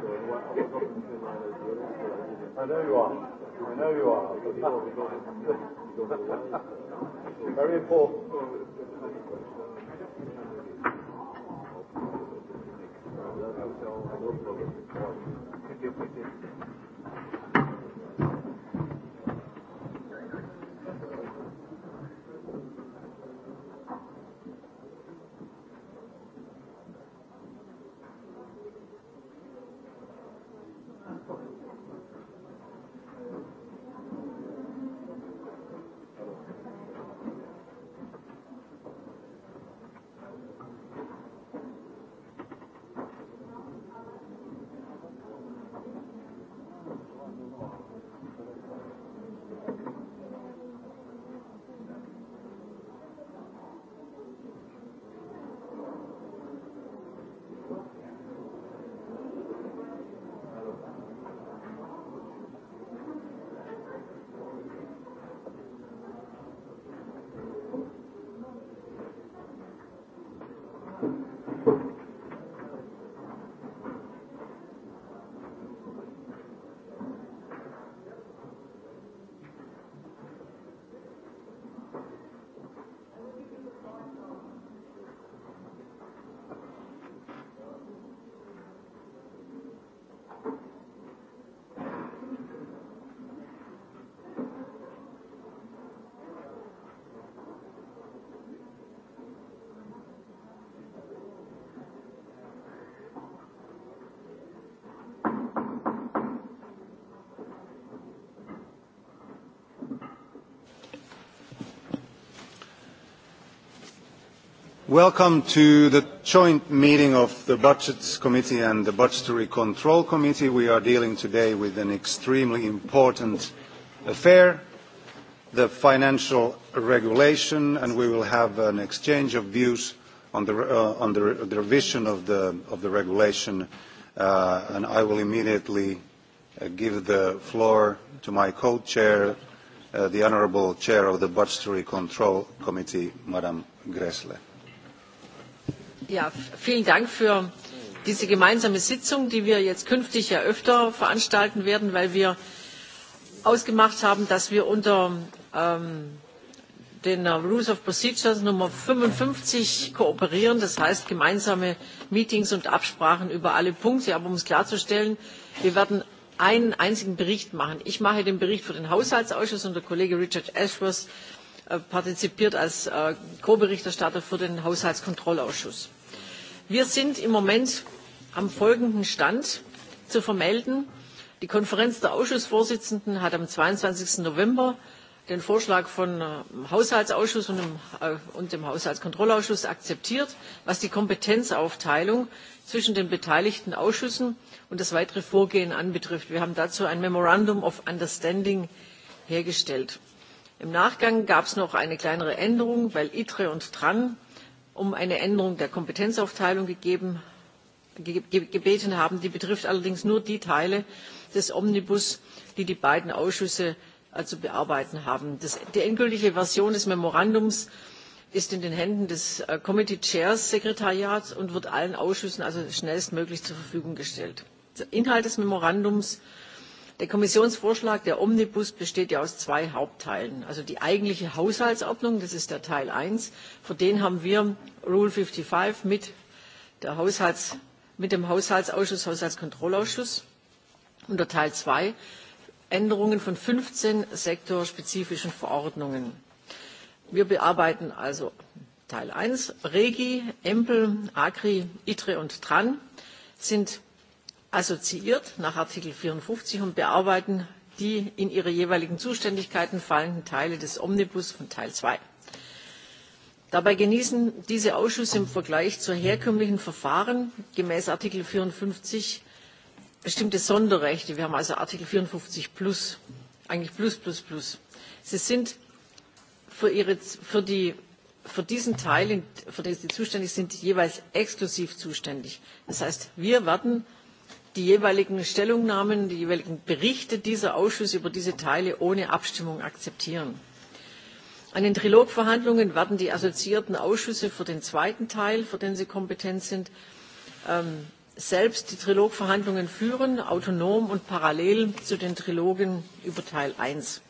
I know you are. I know you are. Very important. Thank you. Welcome to the joint meeting of the Budgets Committee and the Budgetary Control Committee. We are dealing today with an extremely important affair, the financial regulation, and we will have an exchange of views on the, uh, on the, the revision of the, of the regulation. Uh, and I will immediately uh, give the floor to my co-chair, uh, the honourable Chair of the Budgetary Control Committee, Madame Gressle. Ja, vielen Dank für diese gemeinsame Sitzung, die wir jetzt künftig ja öfter veranstalten werden, weil wir ausgemacht haben, dass wir unter ähm, den Rules of Procedures Nummer 55 kooperieren, das heißt gemeinsame Meetings und Absprachen über alle Punkte. Aber um es klarzustellen, wir werden einen einzigen Bericht machen. Ich mache den Bericht für den Haushaltsausschuss und der Kollege Richard Ashworth Äh, partizipiert als ko äh, berichterstatter für den Haushaltskontrollausschuss. Wir sind im Moment am folgenden Stand zu vermelden. Die Konferenz der Ausschussvorsitzenden hat am zweiundzwanzig November den Vorschlag von äh, Haushaltsausschuss und dem, äh, und dem Haushaltskontrollausschuss akzeptiert, was die Kompetenzaufteilung zwischen den beteiligten Ausschüssen und das weitere Vorgehen anbetrifft. Wir haben dazu ein Memorandum of Understanding hergestellt. Im Nachgang gab es noch eine kleinere Änderung, weil ITRE und TRAN um eine Änderung der Kompetenzaufteilung gegeben, ge, ge, gebeten haben. Die betrifft allerdings nur die Teile des Omnibus, die die beiden Ausschüsse zu bearbeiten haben. Das, die endgültige Version des Memorandums ist in den Händen des äh, Committee Chairs Sekretariats und wird allen Ausschüssen also schnellstmöglich zur Verfügung gestellt. Der Inhalt des Memorandums Der Kommissionsvorschlag, der Omnibus, besteht ja aus zwei Hauptteilen. Also die eigentliche Haushaltsordnung, das ist der Teil 1, für den haben wir Rule 55 mit, der Haushalts, mit dem Haushaltsausschuss, Haushaltskontrollausschuss. Und der Teil 2, Änderungen von 15 sektorspezifischen Verordnungen. Wir bearbeiten also Teil 1, Regi, Empel, Agri, ITRE und TRAN sind assoziiert nach Artikel vierundfünfzig und bearbeiten die in ihre jeweiligen Zuständigkeiten fallenden Teile des Omnibus von Teil 2. Dabei genießen diese Ausschüsse im Vergleich zu herkömmlichen Verfahren gemäß Artikel vierundfünfzig bestimmte Sonderrechte. Wir haben also Artikel vierundfünfzig plus, eigentlich plus plus plus. Sie sind für diesen Teil, für den Sie zuständig sind, jeweils exklusiv zuständig. Das heißt, wir werden die jeweiligen Stellungnahmen, die jeweiligen Berichte dieser Ausschüsse über diese Teile ohne Abstimmung akzeptieren. An den Trilogverhandlungen werden die assoziierten Ausschüsse für den zweiten Teil, für den sie kompetent sind, ähm, selbst die Trilogverhandlungen führen, autonom und parallel zu den Trilogen über Teil 1.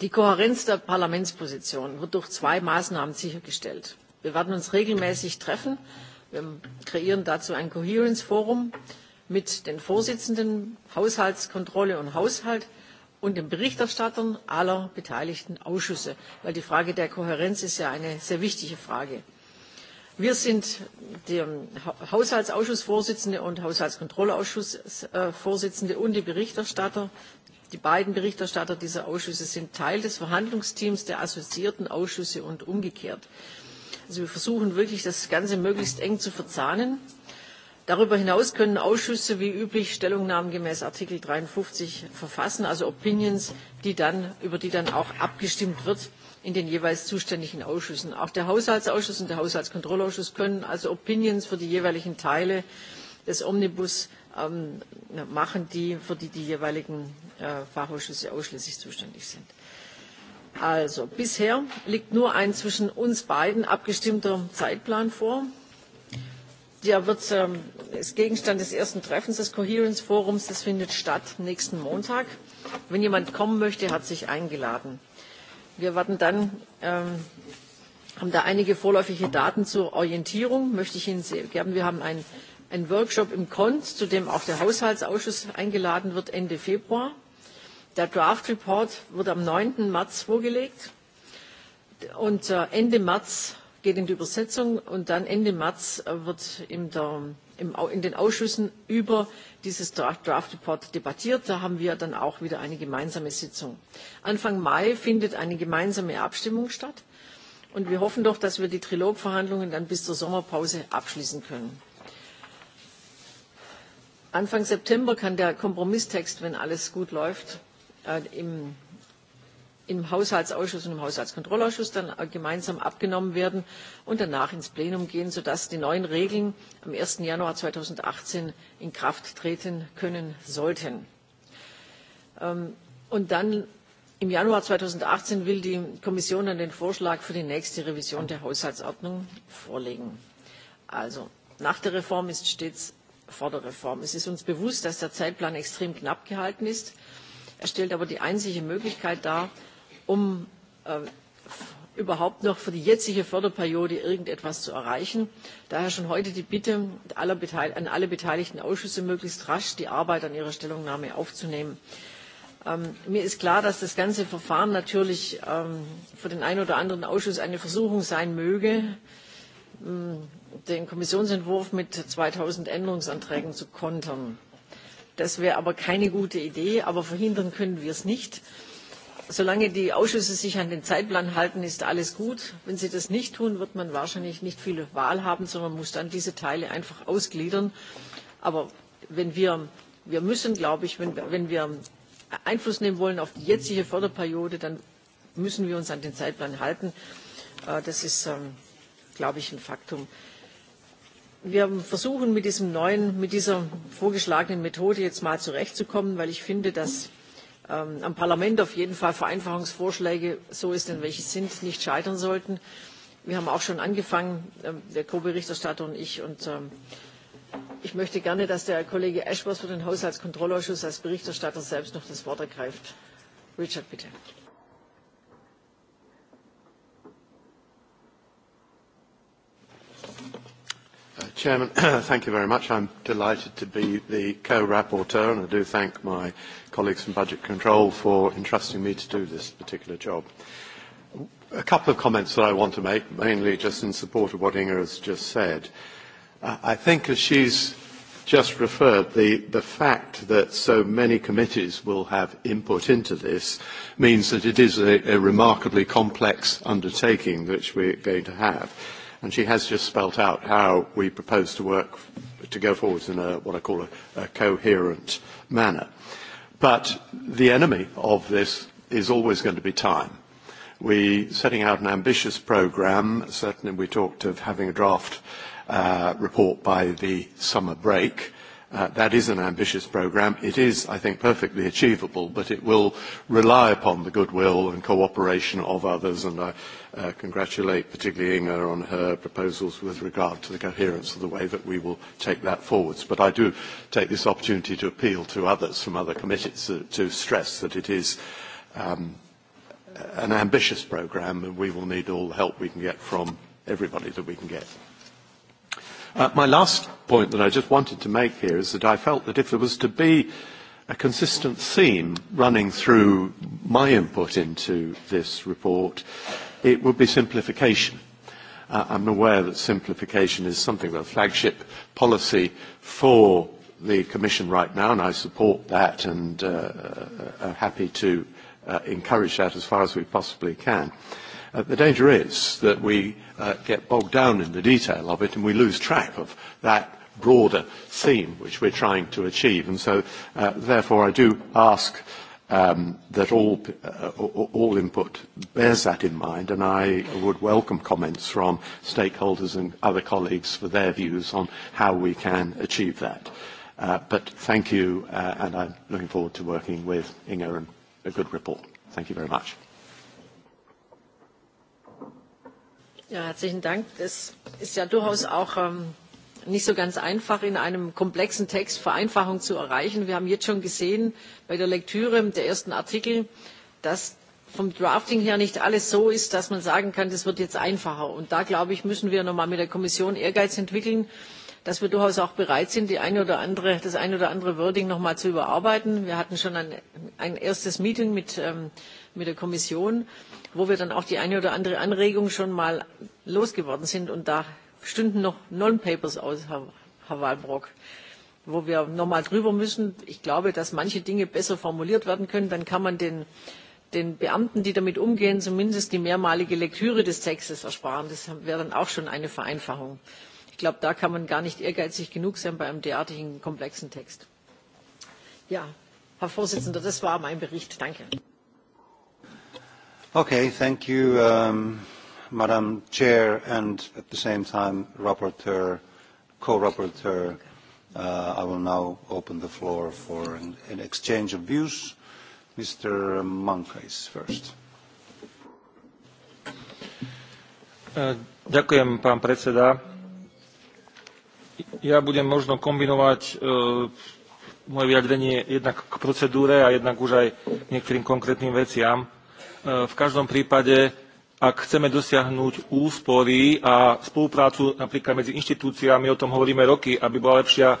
Die Kohärenz der Parlamentsposition wird durch zwei Maßnahmen sichergestellt. Wir werden uns regelmäßig treffen Wir ähm, kreieren dazu ein Coherence Forum mit den Vorsitzenden Haushaltskontrolle und Haushalt und den Berichterstattern aller beteiligten Ausschüsse, weil die Frage der Kohärenz ist ja eine sehr wichtige Frage. Wir sind der Haushaltsausschussvorsitzende und Haushaltskontrollausschussvorsitzende und die Berichterstatter. Die beiden Berichterstatter dieser Ausschüsse sind Teil des Verhandlungsteams der assoziierten Ausschüsse und umgekehrt. Also wir versuchen wirklich, das Ganze möglichst eng zu verzahnen. Darüber hinaus können Ausschüsse wie üblich Stellungnahmen gemäß Artikel 53 verfassen, also Opinions, die dann, über die dann auch abgestimmt wird in den jeweils zuständigen Ausschüssen. Auch der Haushaltsausschuss und der Haushaltskontrollausschuss können also Opinions für die jeweiligen Teile des Omnibus ähm, machen, die, für die die jeweiligen äh, Fachausschüsse ausschließlich zuständig sind. Also, bisher liegt nur ein zwischen uns beiden abgestimmter Zeitplan vor. Der wird, ähm, ist Gegenstand des ersten Treffens des Coherence Forums. Das findet statt nächsten Montag. Wenn jemand kommen möchte, hat sich eingeladen. Wir werden dann, ähm, haben da einige vorläufige Daten zur Orientierung, möchte ich Ihnen geben. Wir haben einen, einen Workshop im KONT, zu dem auch der Haushaltsausschuss eingeladen wird Ende Februar Der Draft Report wird am 9. März vorgelegt und äh, Ende März geht in die Übersetzung und dann Ende März wird in, der, im, in den Ausschüssen über dieses Draft Report debattiert. Da haben wir dann auch wieder eine gemeinsame Sitzung. Anfang Mai findet eine gemeinsame Abstimmung statt und wir hoffen doch, dass wir die Trilogverhandlungen dann bis zur Sommerpause abschließen können. Anfang September kann der Kompromisstext, wenn alles gut läuft, Äh, im, Haushaltsausschuss und im Haushaltskontrollausschuss dann äh, gemeinsam abgenommen werden und danach ins Plenum gehen, sodass die neuen Regeln am 1. Januar 2018 in Kraft treten können sollten. Ähm, und dann im Januar 2018 will die Kommission dann den Vorschlag für die nächste Revision der Haushaltsordnung vorlegen. Also nach der Reform ist stets vor der Reform. Es ist uns bewusst, dass der Zeitplan extrem knapp gehalten ist Er stellt aber die einzige Möglichkeit dar, um äh, überhaupt noch für die jetzige Förderperiode irgendetwas zu erreichen. Daher schon heute die Bitte an alle beteiligten Ausschüsse, möglichst rasch die Arbeit an ihrer Stellungnahme aufzunehmen. Ähm, mir ist klar, dass das ganze Verfahren natürlich ähm, für den einen oder anderen Ausschuss eine Versuchung sein möge, ähm, den Kommissionsentwurf mit zweitausend Änderungsanträgen zu kontern. Das wäre aber keine gute Idee, aber verhindern können wir es nicht. Solange die Ausschüsse sich an den Zeitplan halten, ist alles gut. Wenn sie das nicht tun, wird man wahrscheinlich nicht viel Wahl haben, sondern muss dann diese Teile einfach ausgliedern. Aber wenn wir, wir müssen, glaube ich, wenn, wenn wir Einfluss nehmen wollen auf die jetzige Förderperiode, dann müssen wir uns an den Zeitplan halten. Äh, das ist, ähm, glaube ich, ein Faktum wir versuchen mit diesem neuen, mit dieser vorgeschlagenen Methode jetzt mal zurechtzukommen, weil ich finde, dass ähm, am Parlament auf jeden Fall Vereinfachungsvorschläge, so es denn welche sind, nicht scheitern sollten. Wir haben auch schon angefangen, äh, der Co-Berichterstatter und ich. Und ähm, ich möchte gerne, dass der Kollege Ashworth für den Haushaltskontrollausschuss als Berichterstatter selbst noch das Wort ergreift. Richard, bitte. Chairman, thank you very much. I'm delighted to be the co-rapporteur, and I do thank my colleagues from Budget Control for entrusting me to do this particular job. A couple of comments that I want to make, mainly just in support of what Inga has just said. Uh, I think as she's just referred, the, fact that so many committees will have input into this means that it is a remarkably complex undertaking which we're going to have and she has just spelt out how we propose to work to go forwards in a, what I call a, a coherent manner. But the enemy of this is always going to be time. We setting out an ambitious program. Certainly, we talked of having a draft uh, report by the summer break. Uh, that is an ambitious programme. It is, I think, perfectly achievable, but it will rely upon the goodwill and cooperation of others, and I uh, congratulate particularly Inga on her proposals with regard to the coherence of the way that we will take that forwards. But I do take this opportunity to appeal to others from other committees to, to stress that it is um, an ambitious programme, and we will need all the help we can get from everybody that we can get. Uh, my last point that I just wanted to make here is that I felt that if there was to be a consistent theme running through my input into this report, it would be simplification. Uh, I'm aware that simplification is something of a flagship policy for the Commission right now, and I support that and uh, uh, uh are happy to uh, encourage that as far as we possibly can. Uh, Uh, the danger is that we uh, get bogged down in the detail of it and we lose track of that broader theme which we're trying to achieve. And so, uh, therefore, I do ask um, that all, uh, all input bears that in mind, and I would welcome comments from stakeholders and other colleagues for their views on how we can achieve that. Uh, but thank you, uh, and I'm looking forward to working with Inger and a good report. Thank you very much. Ja, herzlichen Dank. Das ist ja durchaus auch ähm, nicht so ganz einfach, in einem komplexen Text Vereinfachung zu erreichen. Wir haben jetzt schon gesehen bei der Lektüre der ersten Artikel, dass vom Drafting her nicht alles so ist, dass man sagen kann, das wird jetzt einfacher. Und da, glaube ich, müssen wir nochmal mit der Kommission Ehrgeiz entwickeln, dass wir durchaus auch bereit sind, die eine oder andere, das eine oder andere Wording nochmal zu überarbeiten. Wir hatten schon ein, ein erstes Meeting mit, ähm, mit der Kommission wo wir dann auch die eine oder andere Anregung schon mal losgeworden sind. Und da stünden noch Non-Papers aus, Herr, Herr Wahlbrock, wo wir nochmal drüber müssen. Ich glaube, dass manche Dinge besser formuliert werden können. Dann kann man den, den Beamten, die damit umgehen, zumindest die mehrmalige Lektüre des Textes ersparen. Das wäre dann auch schon eine Vereinfachung. Ich glaube, da kann man gar nicht ehrgeizig genug sein bei einem derartigen komplexen Text. Ja, Herr Vorsitzender, das war mein Bericht. Danke. Okay, thank you, um, Madam Chair, and at the same time, Rapporteur, Co-Rapporteur. Uh, I will now open the floor for an, an exchange of views. Mr. Manka is first. Uh, ďakujem, pán predseda. Ja budem možno kombinovať uh, moje vyjadrenie jednak k procedúre a jednak už aj k niektorým konkrétnym veciam. Eh, v každom prípade, ak chceme dosiahnuť úspory a spoluprácu napríklad medzi inštitúciami, o tom hovoríme roky, aby bola lepšia eh,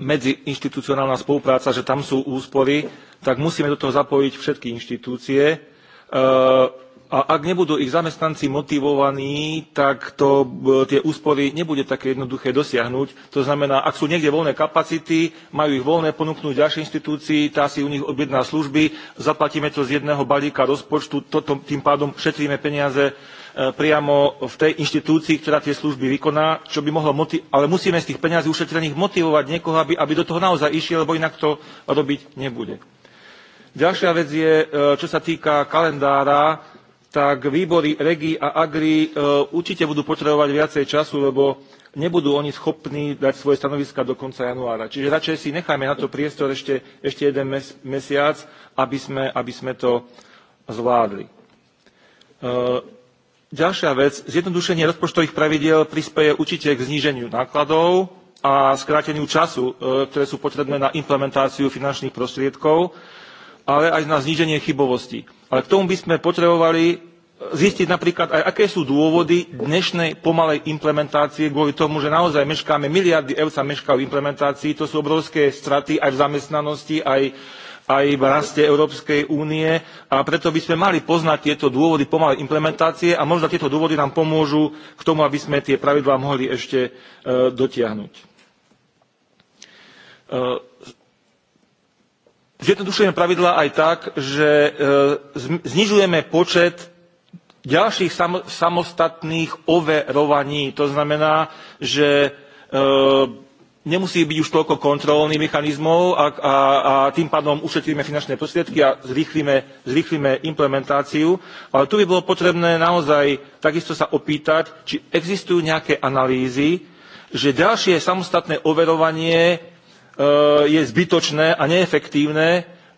medziinstitucionálna spolupráca, že tam sú úspory, tak musíme do toho zapojiť všetky inštitúcie eh, a ak nebudú ich zamestnanci motivovaní, tak to, e, tie úspory nebude také jednoduché dosiahnuť. To znamená, ak sú niekde voľné kapacity, majú ich voľné ponúknuť ďalšej inštitúcii, tá si u nich objedná služby, zaplatíme to z jedného balíka rozpočtu, to, to, tým pádom šetríme peniaze e, priamo v tej inštitúcii, ktorá tie služby vykoná, čo by mohlo ale musíme z tých peniazí ušetrených motivovať niekoho, aby, aby do toho naozaj išiel, lebo inak to robiť nebude. Ďalšia vec je, e, čo sa týka kalendára, tak výbory regi a agri e, určite budú potrebovať viacej času, lebo nebudú oni schopní dať svoje stanoviska do konca januára. Čiže radšej si nechajme na to priestor ešte, ešte jeden mes, mesiac, aby sme, aby sme to zvládli. E, ďalšia vec, zjednodušenie rozpočtových pravidel prispieje určite k zníženiu nákladov a skráteniu času, e, ktoré sú potrebné na implementáciu finančných prostriedkov, ale aj na zníženie chybovosti ale k tomu by sme potrebovali eh, zistiť napríklad aj, aké sú dôvody dnešnej pomalej implementácie kvôli tomu, že naozaj meškáme, miliardy eur sa meškajú v implementácii, to sú obrovské straty aj v zamestnanosti, aj, aj v raste Európskej únie a preto by sme mali poznať tieto dôvody pomalej implementácie a možno tieto dôvody nám pomôžu k tomu, aby sme tie pravidlá mohli ešte e, eh, dotiahnuť. E, zjednodušujeme pravidlá aj tak že e, znižujeme počet ďalších samostatných overovaní to znamená že e, nemusí byť už toľko kontrolných mechanizmov a, a, a tým pádom ušetríme finančné prostriedky a zrýchlime, zrýchlime implementáciu. Ale tu by bolo potrebné naozaj takisto sa opýtať, či existujú nejaké analýzy, že ďalšie samostatné overovanie Eh, je zbytočné a neefektívne. Eh,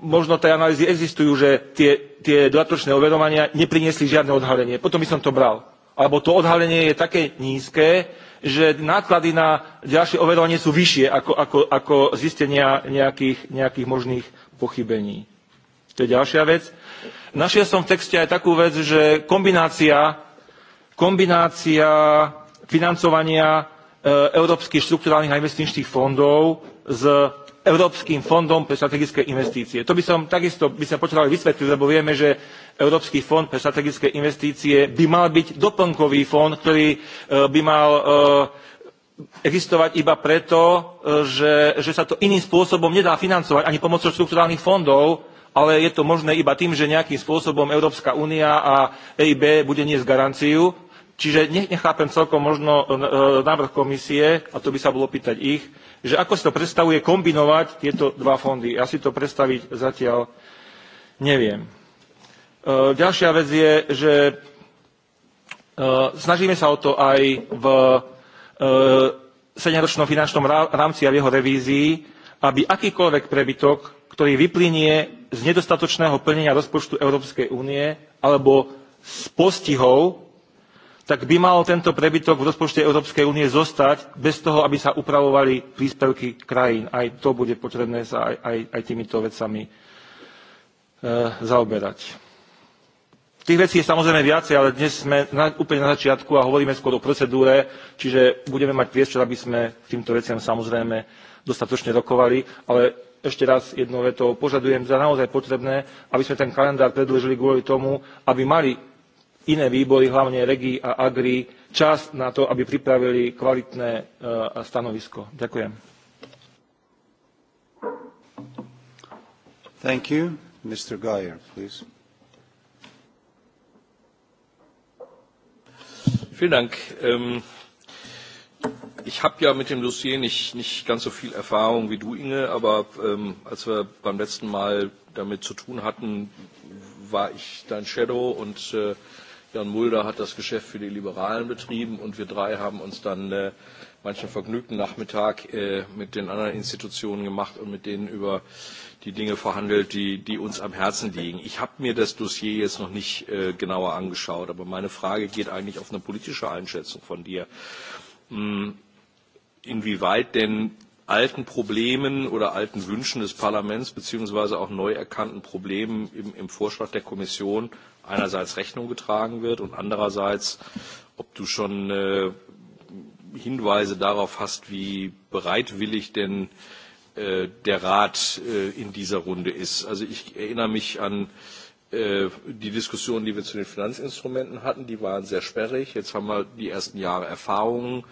možno tie analýzy existujú, že tie, tie dodatočné overovania nepriniesli žiadne odhalenie. Potom by som to bral. Alebo to odhalenie je také nízke, že náklady na ďalšie overovanie sú vyššie ako, ako, ako zistenia nejakých, nejakých možných pochybení. To je ďalšia vec. Našiel som v texte aj takú vec, že kombinácia, kombinácia financovania európskych eh, štrukturálnych a investičných fondov s Európskym fondom pre strategické investície. To by som takisto by sa potrebovali vysvetliť, lebo vieme, že Európsky fond pre strategické investície by mal byť doplnkový fond, ktorý eh, by mal eh, existovať iba preto, že, že sa to iným spôsobom nedá financovať ani pomocou štrukturálnych fondov, ale je to možné iba tým, že nejakým spôsobom Európska únia a EIB bude niesť garanciu Čiže ne, nechápem celkom možno e, návrh komisie, a to by sa bolo pýtať ich, že ako si to predstavuje kombinovať tieto dva fondy. Ja si to predstaviť zatiaľ neviem. E, ďalšia vec je, že e, snažíme sa o to aj v sedemročnom finančnom rámci a v jeho revízii, aby akýkoľvek prebytok, ktorý vyplynie z nedostatočného plnenia rozpočtu Európskej únie alebo s postihou tak by mal tento prebytok v rozpočte Európskej únie zostať bez toho, aby sa upravovali príspevky krajín. Aj to bude potrebné sa aj, aj, aj týmito vecami e, zaoberať. Tých vecí je samozrejme viacej, ale dnes sme na, úplne na začiatku a hovoríme skôr o procedúre, čiže budeme mať priestor, aby sme k týmto veciam samozrejme dostatočne rokovali, ale ešte raz jednou vetou požadujem za naozaj potrebné, aby sme ten kalendár predložili kvôli tomu, aby mali iné výbory, hlavne Regi a Agri, čas na to, aby pripravili kvalitné e, stanovisko. Ďakujem. Thank you. Mr. Geyer, please. Vielen Dank. Ähm, ich habe ja mit dem Dossier nicht, nicht ganz so viel Erfahrung wie du, Inge, aber ähm, als wir beim letzten Mal damit zu tun hatten, war ich dein Shadow und äh, Jan Mulder hat das Geschäft für die Liberalen betrieben und wir drei haben uns dann äh, manchen vergnügten Nachmittag äh, mit den anderen Institutionen gemacht und mit denen über die Dinge verhandelt, die, die uns am Herzen liegen. Ich habe mir das Dossier jetzt noch nicht äh, genauer angeschaut, aber meine Frage geht eigentlich auf eine politische Einschätzung von dir. Mh, hm, inwieweit denn alten Problemen oder alten Wünschen des Parlaments beziehungsweise auch neu erkannten Problemen im, im Vorschlag der Kommission einerseits Rechnung getragen wird und andererseits, ob du schon äh, Hinweise darauf hast, wie bereitwillig denn äh, der Rat äh, in dieser Runde ist. Also ich erinnere mich an äh, die Diskussion, die wir zu den Finanzinstrumenten hatten. Die waren sehr sperrig. Jetzt haben wir die ersten Jahre Erfahrungen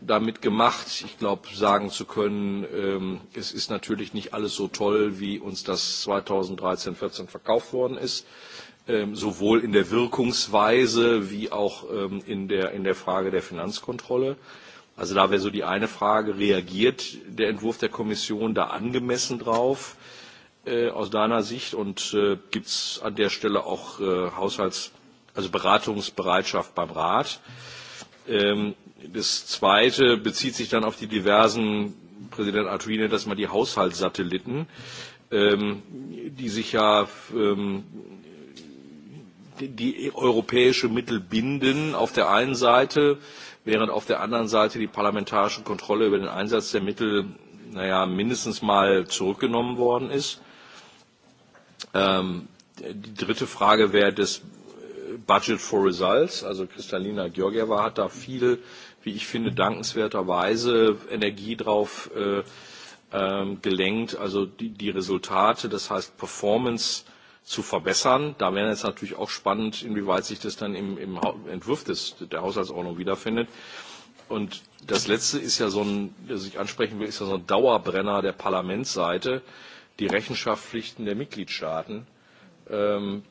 damit gemacht. Ich glaube, sagen zu können, ähm, es ist natürlich nicht alles so toll, wie uns das 2013, 14 verkauft worden ist. Äh, Ähm, sowohl in der Wirkungsweise wie auch ähm, in der, in der Frage der Finanzkontrolle. Also da wäre so die eine Frage, reagiert der Entwurf der Kommission da angemessen drauf äh, aus deiner Sicht und äh, gibt es an der Stelle auch äh, Haushalts-, also Beratungsbereitschaft beim Rat? Ähm, das zweite bezieht sich dann auf die diversen, Präsident Artuine nennt das mal die Haushaltssatelliten, ähm, die sich ja ähm, die europäische Mittel binden auf der einen Seite, während auf der anderen Seite die parlamentarische Kontrolle über den Einsatz der Mittel, naja, mindestens mal zurückgenommen worden ist. Ähm, die dritte Frage wäre das Budget for Results. Also Kristalina Georgieva hat da viel, wie ich finde, dankenswerterweise Energie drauf äh, ähm, gelenkt. Also die, die Resultate, das heißt Performance, zu verbessern. Da wäre es natürlich auch spannend, inwieweit sich das dann im, im Entwurf des, der Haushaltsordnung wiederfindet. Und das Letzte ist ja so ein, das ich ansprechen will, ist ja so ein Dauerbrenner der Parlamentsseite, die Rechenschaftspflichten der Mitgliedstaaten. Ähm,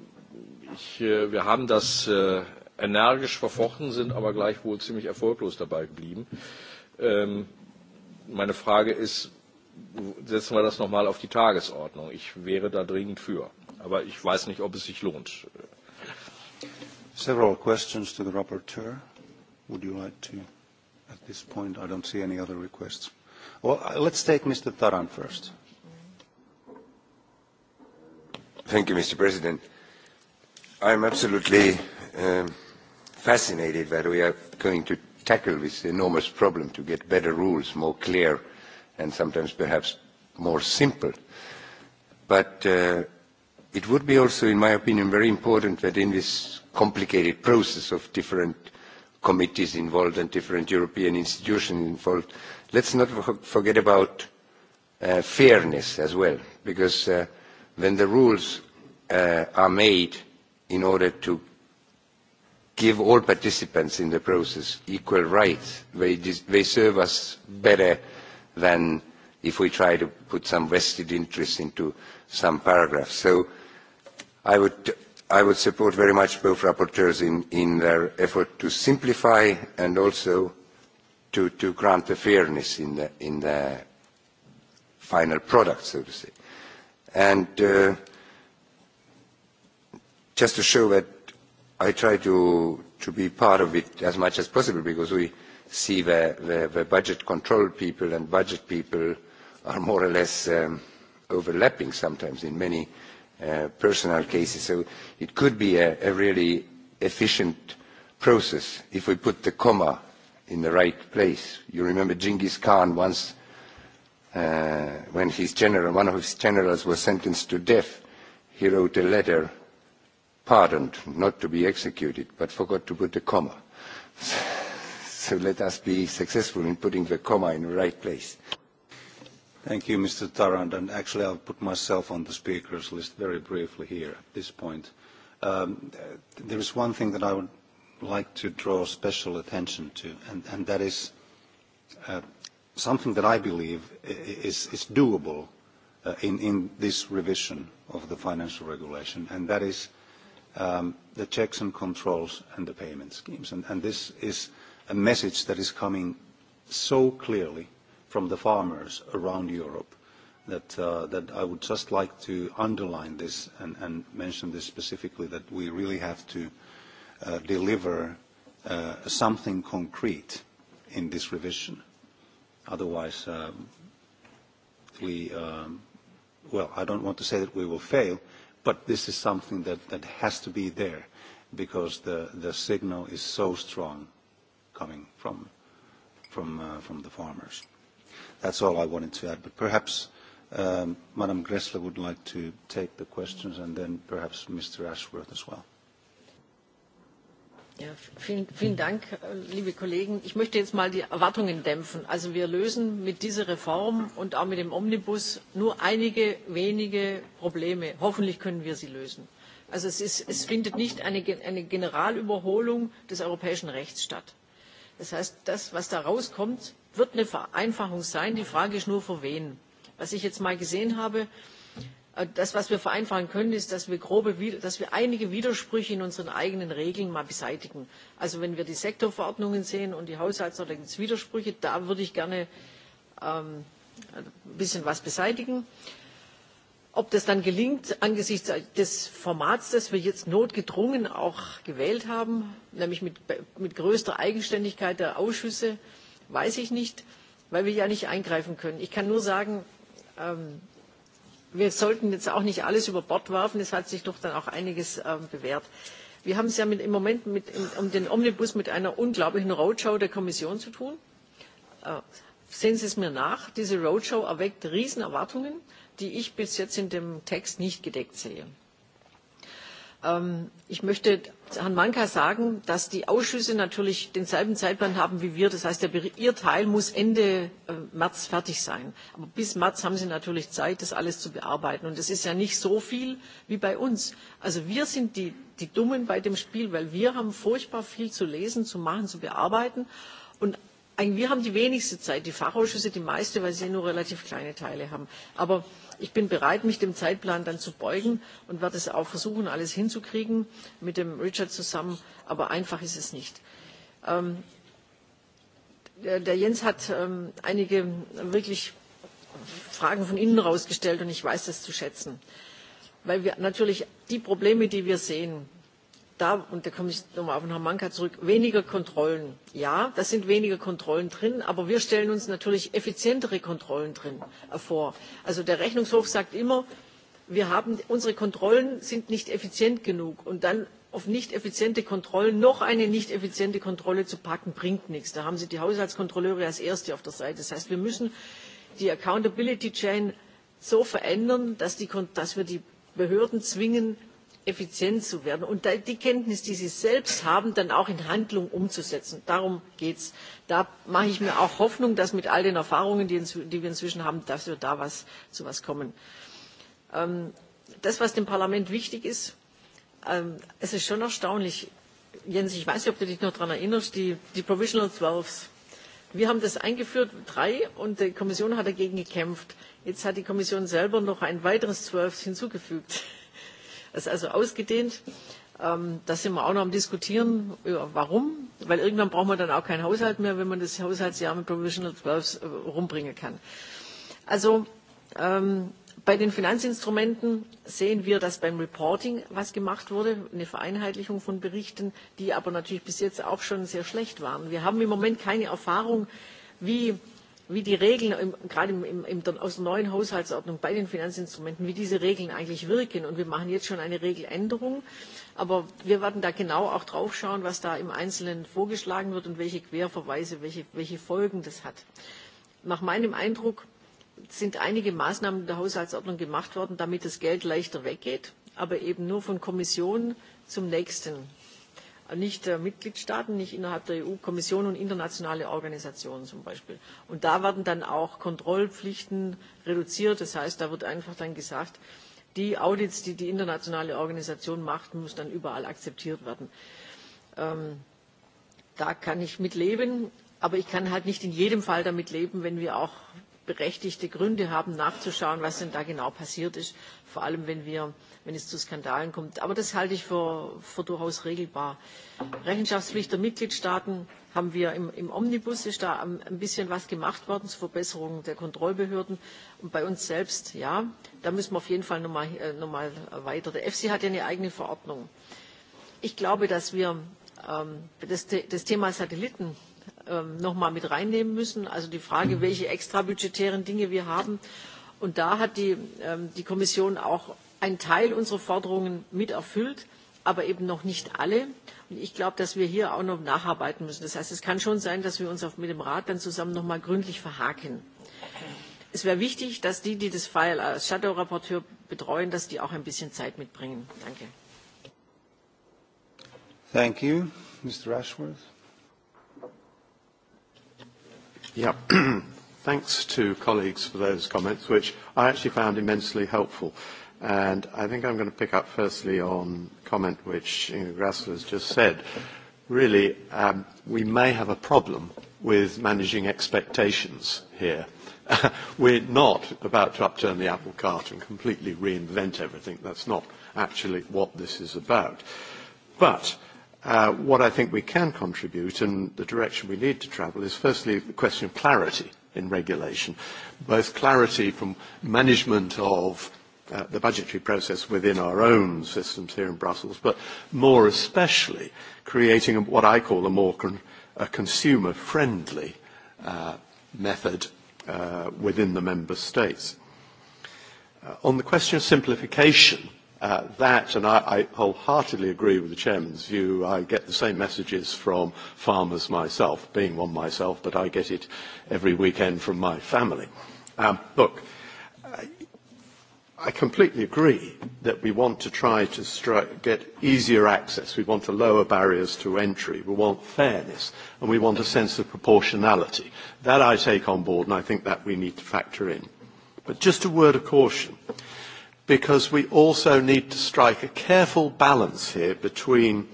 ich, äh, wir haben das äh, energisch verfochten, sind aber gleichwohl ziemlich erfolglos dabei geblieben. Ähm, meine Frage ist, setzen wir das nochmal auf die Tagesordnung? Ich wäre da dringend für. Aber ich weiß nicht, ob es sich lohnt. Several questions to the rapporteur. Would you like to? At this point, I don't see any other requests. Well, uh, let's take Mr. Taran first. Thank you, Mr. President. I'm absolutely um, fascinated that we are going to tackle this enormous problem to get better rules, more clear, and sometimes perhaps more simple. But uh, It would be also, in my opinion, very important that in this complicated process of different committees involved and different European institutions involved, let's not forget about uh, fairness as well, because uh, when the rules uh, are made in order to give all participants in the process equal rights, they, they serve us better than if we try to put some vested interest into some paragraphs. So i would, I would support very much both rapporteurs in, in their effort to simplify and also to, to grant the fairness in the, in the final product, so to say. And uh, just to show that I try to, to be part of it as much as possible because we see the, the, the budget control people and budget people are more or less um, overlapping sometimes in many Uh, personal cases. So it could be a, a really efficient process if we put the comma in the right place. You remember Genghis Khan once, uh, when his general, one of his generals was sentenced to death, he wrote a letter, pardoned, not to be executed, but forgot to put the comma. So, so let us be successful in putting the comma in the right place. Thank you, Mr. Tarand. And actually, I'll put myself on the speakers list very briefly here at this point. Um, there is one thing that I would like to draw special attention to, and, and that is uh, something that I believe is, is doable uh, in, in this revision of the financial regulation, and that is um, the checks and controls and the payment schemes. and this is a message that is coming so clearly from the farmers around Europe that, uh, that I would just like to underline this and, and mention this specifically, that we really have to uh, deliver uh, something concrete in this revision. Otherwise, um, we, um, well, I don't want to say that we will fail, but this is something that, that has to be there because the, the signal is so strong coming from, from, uh, from the farmers. That's all I wanted to add. But perhaps um, Madam Gressler would like to take the questions and then perhaps Mr. Ashworth as well. Ja, vielen, vielen Dank, äh, liebe Kollegen. Ich möchte jetzt mal die Erwartungen dämpfen. Also wir lösen mit dieser Reform und auch mit dem Omnibus nur einige wenige Probleme. Hoffentlich können wir sie lösen. Also es, ist, es findet nicht eine, eine Generalüberholung des europäischen Rechts statt. Das heißt, das, was da rauskommt, wird eine Vereinfachung sein. Die Frage ist nur, für wen. Was ich jetzt mal gesehen habe, äh, das, was wir vereinfachen können, ist, dass wir, grobe, dass wir einige Widersprüche in unseren eigenen Regeln mal beseitigen. Also wenn wir die Sektorverordnungen sehen und die Haushaltsordnung, da gibt es Widersprüche, da würde ich gerne ähm, ein bisschen was beseitigen. Ob das dann gelingt angesichts des Formats, das wir jetzt notgedrungen auch gewählt haben, nämlich mit, mit größter Eigenständigkeit der Ausschüsse, weiß ich nicht, weil wir ja nicht eingreifen können. Ich kann nur sagen, ähm, wir sollten jetzt auch nicht alles über Bord werfen. Es hat sich doch dann auch einiges ähm, bewährt. Wir haben es ja mit, im Moment mit, um den Omnibus mit einer unglaublichen Roadshow der Kommission zu tun. Äh, sehen Sie es mir nach, diese Roadshow erweckt Riesenerwartungen, die ich bis jetzt in dem Text nicht gedeckt sehe. Ähm, ich möchte Herrn Manka sagen, dass die Ausschüsse natürlich denselben Zeitplan haben wie wir. Das heißt, der, Ihr Teil muss Ende äh, März fertig sein. Aber bis März haben Sie natürlich Zeit, das alles zu bearbeiten. Und es ist ja nicht so viel wie bei uns. Also wir sind die, die Dummen bei dem Spiel, weil wir haben furchtbar viel zu lesen, zu machen, zu bearbeiten. Und wir haben die wenigste Zeit, die Fachausschüsse die meiste, weil sie ja nur relativ kleine Teile haben. Aber ich bin bereit, mich dem Zeitplan dann zu beugen und werde es auch versuchen, alles hinzukriegen mit dem Richard zusammen. Aber einfach ist es nicht. Ähm, der, der Jens hat ähm, einige wirklich Fragen von innen rausgestellt und ich weiß das zu schätzen. Weil wir natürlich die Probleme, die wir sehen, da, und da komme ich nochmal auf den Herrn Manka zurück, weniger Kontrollen. Ja, da sind weniger Kontrollen drin, aber wir stellen uns natürlich effizientere Kontrollen drin vor. Also der Rechnungshof sagt immer, wir haben, unsere Kontrollen sind nicht effizient genug. Und dann auf nicht effiziente Kontrollen noch eine nicht effiziente Kontrolle zu packen, bringt nichts. Da haben Sie die Haushaltskontrolleure als Erste auf der Seite. Das heißt, wir müssen die Accountability Chain so verändern, dass, die, dass wir die Behörden zwingen, effizient zu werden und die Kenntnis, die sie selbst haben, dann auch in Handlung umzusetzen. Darum geht es. Da mache ich mir auch Hoffnung, dass wir mit all den Erfahrungen, die, wir inzwischen haben, da zu etwas kommen. Ähm, das, was dem Parlament wichtig ist, ähm, es ist schon erstaunlich. Jens, ich weiß nicht, ob du dich noch daran erinnerst, die, die Provisional Twelves. Wir haben das eingeführt, drei, und die Kommission hat dagegen gekämpft. Jetzt hat die Kommission selber noch ein weiteres Zwölf hinzugefügt. Das ist also ausgedehnt. Ähm, da sind wir auch noch am Diskutieren, ja, warum. Weil irgendwann braucht man dann auch keinen Haushalt mehr, wenn man das Haushaltsjahr mit Provisional 12 äh, rumbringen kann. Also ähm, bei den Finanzinstrumenten sehen wir, dass beim Reporting was gemacht wurde, eine Vereinheitlichung von Berichten, die aber natürlich bis jetzt auch schon sehr schlecht waren. Wir haben im Moment keine Erfahrung, wie wie die Regeln im, gerade im, im, aus der neuen Haushaltsordnung bei den Finanzinstrumenten, wie diese Regeln eigentlich wirken. Und wir machen jetzt schon eine Regeländerung. Aber wir werden da genau auch drauf schauen, was da im Einzelnen vorgeschlagen wird und welche Querverweise, welche, welche Folgen das hat. Nach meinem Eindruck sind einige Maßnahmen der Haushaltsordnung gemacht worden, damit das Geld leichter weggeht, aber eben nur von Kommission zum nächsten nicht der äh, Mitgliedstaaten, nicht innerhalb der EU-Kommission und internationale Organisationen zum Beispiel. Und da werden dann auch Kontrollpflichten reduziert. Das heißt, da wird einfach dann gesagt, die Audits, die die internationale Organisation macht, muss dann überall akzeptiert werden. Ähm, da kann ich mitleben, aber ich kann halt nicht in jedem Fall damit leben, wenn wir auch berechtigte Gründe haben, nachzuschauen, was denn da genau passiert ist, vor allem wenn, wir, wenn es zu Skandalen kommt. Aber das halte ich für, für durchaus regelbar. Rechenschaftspflicht der Mitgliedstaaten haben wir im, im Omnibus ist da ein bisschen was gemacht worden zur Verbesserung der Kontrollbehörden. Und bei uns selbst, ja, da müssen wir auf jeden Fall nochmal äh, noch mal weiter. Der EFSI hat ja eine eigene Verordnung. Ich glaube, dass wir ähm, das, das Thema Satelliten Ähm, noch mal mit reinnehmen müssen. Also die Frage, welche extrabudgetären Dinge wir haben. Und da hat die, ähm, die Kommission auch einen Teil unserer Forderungen mit erfüllt, aber eben noch nicht alle. Und ich glaube, dass wir hier auch noch nacharbeiten müssen. Das heißt, es kann schon sein, dass wir uns auch mit dem Rat dann zusammen noch mal gründlich verhaken. Es wäre wichtig, dass die, die das File als Shadow-Rapporteur betreuen, dass die auch ein bisschen Zeit mitbringen. Danke. Thank you. Mr. Ashworth. Yeah. Thanks to colleagues for those comments, which I actually found immensely helpful. And I think I'm going to pick up firstly on comment which Inga Grassler has just said. Really, um, we may have a problem with managing expectations here. We're not about to upturn the apple cart and completely reinvent everything. That's not actually what this is about. But Uh, what I think we can contribute and the direction we need to travel is firstly the question of clarity in regulation, both clarity from management of uh, the budgetary process within our own systems here in Brussels, but more especially creating what I call a more con- consumer-friendly uh, method uh, within the member states. Uh, on the question of simplification, Uh, that, and I, I wholeheartedly agree with the chairman's view, I get the same messages from farmers myself, being one myself, but I get it every weekend from my family. Um, look, I I completely agree that we want to try to stri- get easier access. We want to lower barriers to entry. We want fairness. And we want a sense of proportionality. That I take on board, and I think that we need to factor in. But just a word of caution because we also need to strike a careful balance here between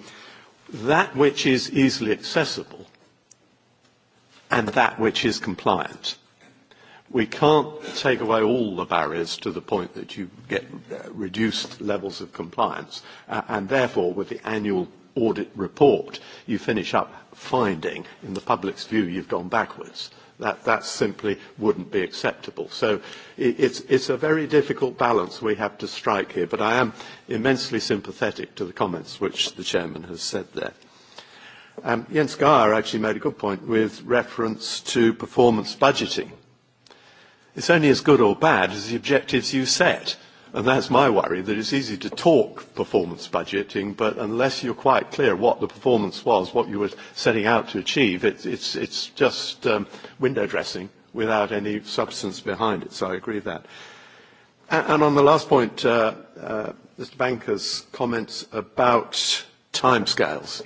that which is easily accessible and that which is compliant. We can't take away all the barriers to the point that you get uh, reduced levels of compliance, uh, and therefore, with the annual audit report, you finish up finding, in the public's view, you've gone backwards. That, that simply wouldn't be acceptable. So it, it's, it's a very difficult balance we have to strike here, but I am immensely sympathetic to the comments which the chairman has said there. Um, Jens Geyer actually made a good point with reference to performance budgeting. It's only as good or bad as the objectives you set. And that's my worry, that it's easy to talk performance budgeting, but unless you're quite clear what the performance was, what you were setting out to achieve, it's, it's, it's just um, window dressing without any substance behind it. So I agree with that. And, and on the last point, uh, uh, Mr. Banker's comments about timescales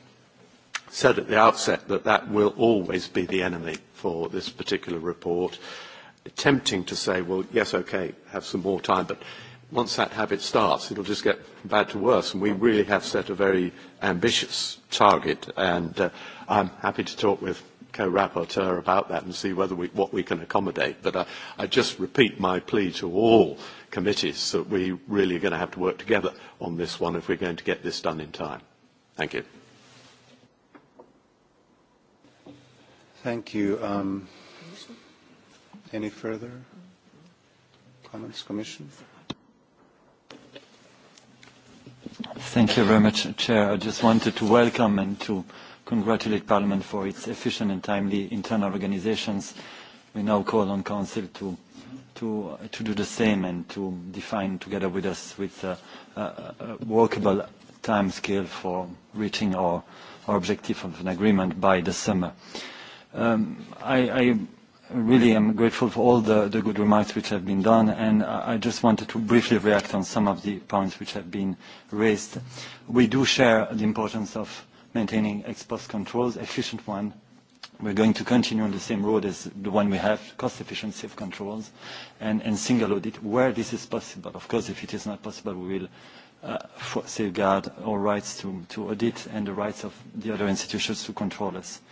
said at the outset that that will always be the enemy for this particular report. attempting to say, well, yes, okay, have some more time, but once that habit starts, it'll just get bad to worse. And we really have set a very ambitious target. And uh, I'm happy to talk with co-rapporteur about that and see whether we, what we can accommodate. But I, uh, I just repeat my plea to all committees that we really are going to have to work together on this one if we're going to get this done in time. Thank you. Thank you. Um, any further comments, Commission? Thank you very much, Chair. I just wanted to welcome and to congratulate Parliament for its efficient and timely internal organizations. We now call on Council to, to, to do the same and to define together with us with a, a, a workable time scale for reaching our, our objective of an agreement by the summer. Um, I, I really am grateful for all the, the good remarks which have been done, and I just wanted to briefly react on some of the points which have been raised. We do share the importance of maintaining ex post controls, efficient one. We're going to continue on the same road as the one we have, cost efficiency of controls and, and single audit where this is possible. Of course, if it is not possible, we will uh, for safeguard our rights to, to audit and the rights of the other institutions to control us. Uh,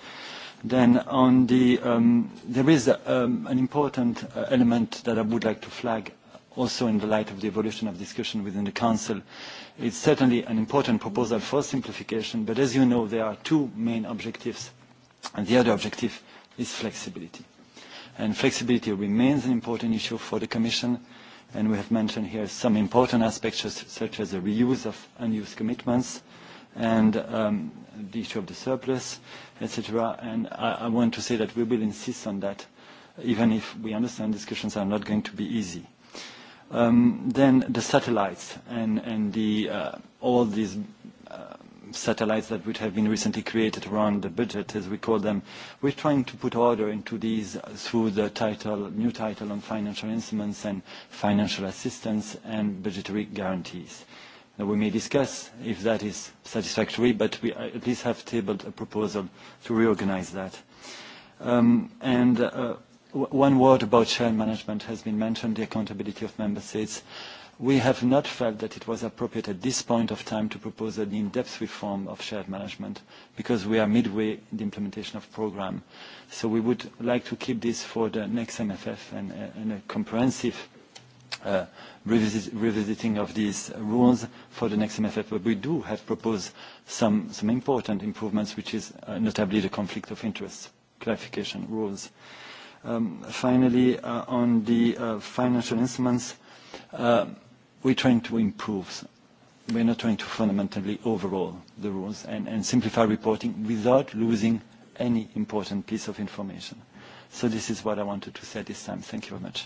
Then on the, um, there is um, an important uh, element that I would like to flag also in the light of the evolution of discussion within the Council. It's certainly an important proposal for simplification, but as you know, there are two main objectives, and the other objective is flexibility. And flexibility remains an important issue for the Commission, and we have mentioned here some important aspects such as the reuse of unused commitments, and um, the issue of the surplus, etc. And I, want to say that we will insist on that, even if we understand discussions are not going to be easy. Um, the satellites and, uh, all these uh, satellites that would have been recently created around the budget, as we call them. We're trying to put order into these through the new title on financial instruments and financial assistance and budgetary guarantees we may discuss if that is satisfactory, but we uh, at least have tabled a proposal to reorganize that. Um, and uh, one word about shared management has been mentioned, the accountability of member states. We have not felt that it was appropriate at this point of time to propose an in-depth reform of shared management because we are midway in the implementation of program. So we would like to keep this for the next MFF and, uh, and a comprehensive uh, revisiting of these rules for the next MFF. But we do have proposed some, some important improvements, which is uh, notably the conflict of interest clarification rules. Um, finally, uh, on the uh, financial instruments, uh, we're trying to improve. We're not trying to fundamentally overhaul the rules and, and simplify reporting without losing any important piece of information. So this is what I wanted to say this time. Thank you very much.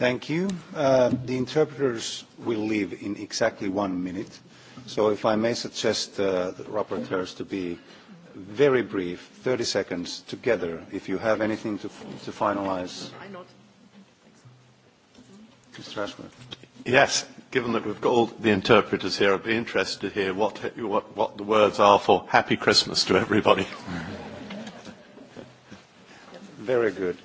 Thank you. Uh, the interpreters will leave in exactly one minute. So if I may suggest uh, the rapporteurs to be very brief, 30 seconds together, if you have anything to, to finalize. I not. Mr. Ashworth. Yes, given that we've got all the interpreters here, I'd be interested to hear what, what the words are for Happy Christmas to everybody. very good.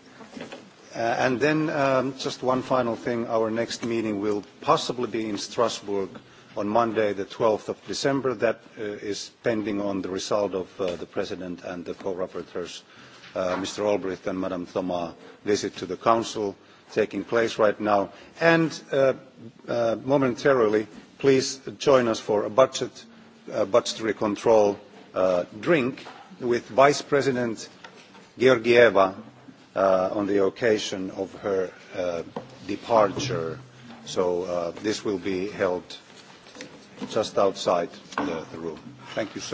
Uh, and then um, just one final thing. Our next meeting will possibly be in Strasbourg on Monday, the 12th of December. That uh, is pending on the result of uh, the President and the co-rapporteurs, Mr. Olbrycht and Madam Thomas' visit to the Council taking place right now. And momentarily, please join us for a budget, budgetary control drink with Vice President Georgieva uh, on the occasion of her uh, departure. So uh, this will be held just outside the, the room. Thank you so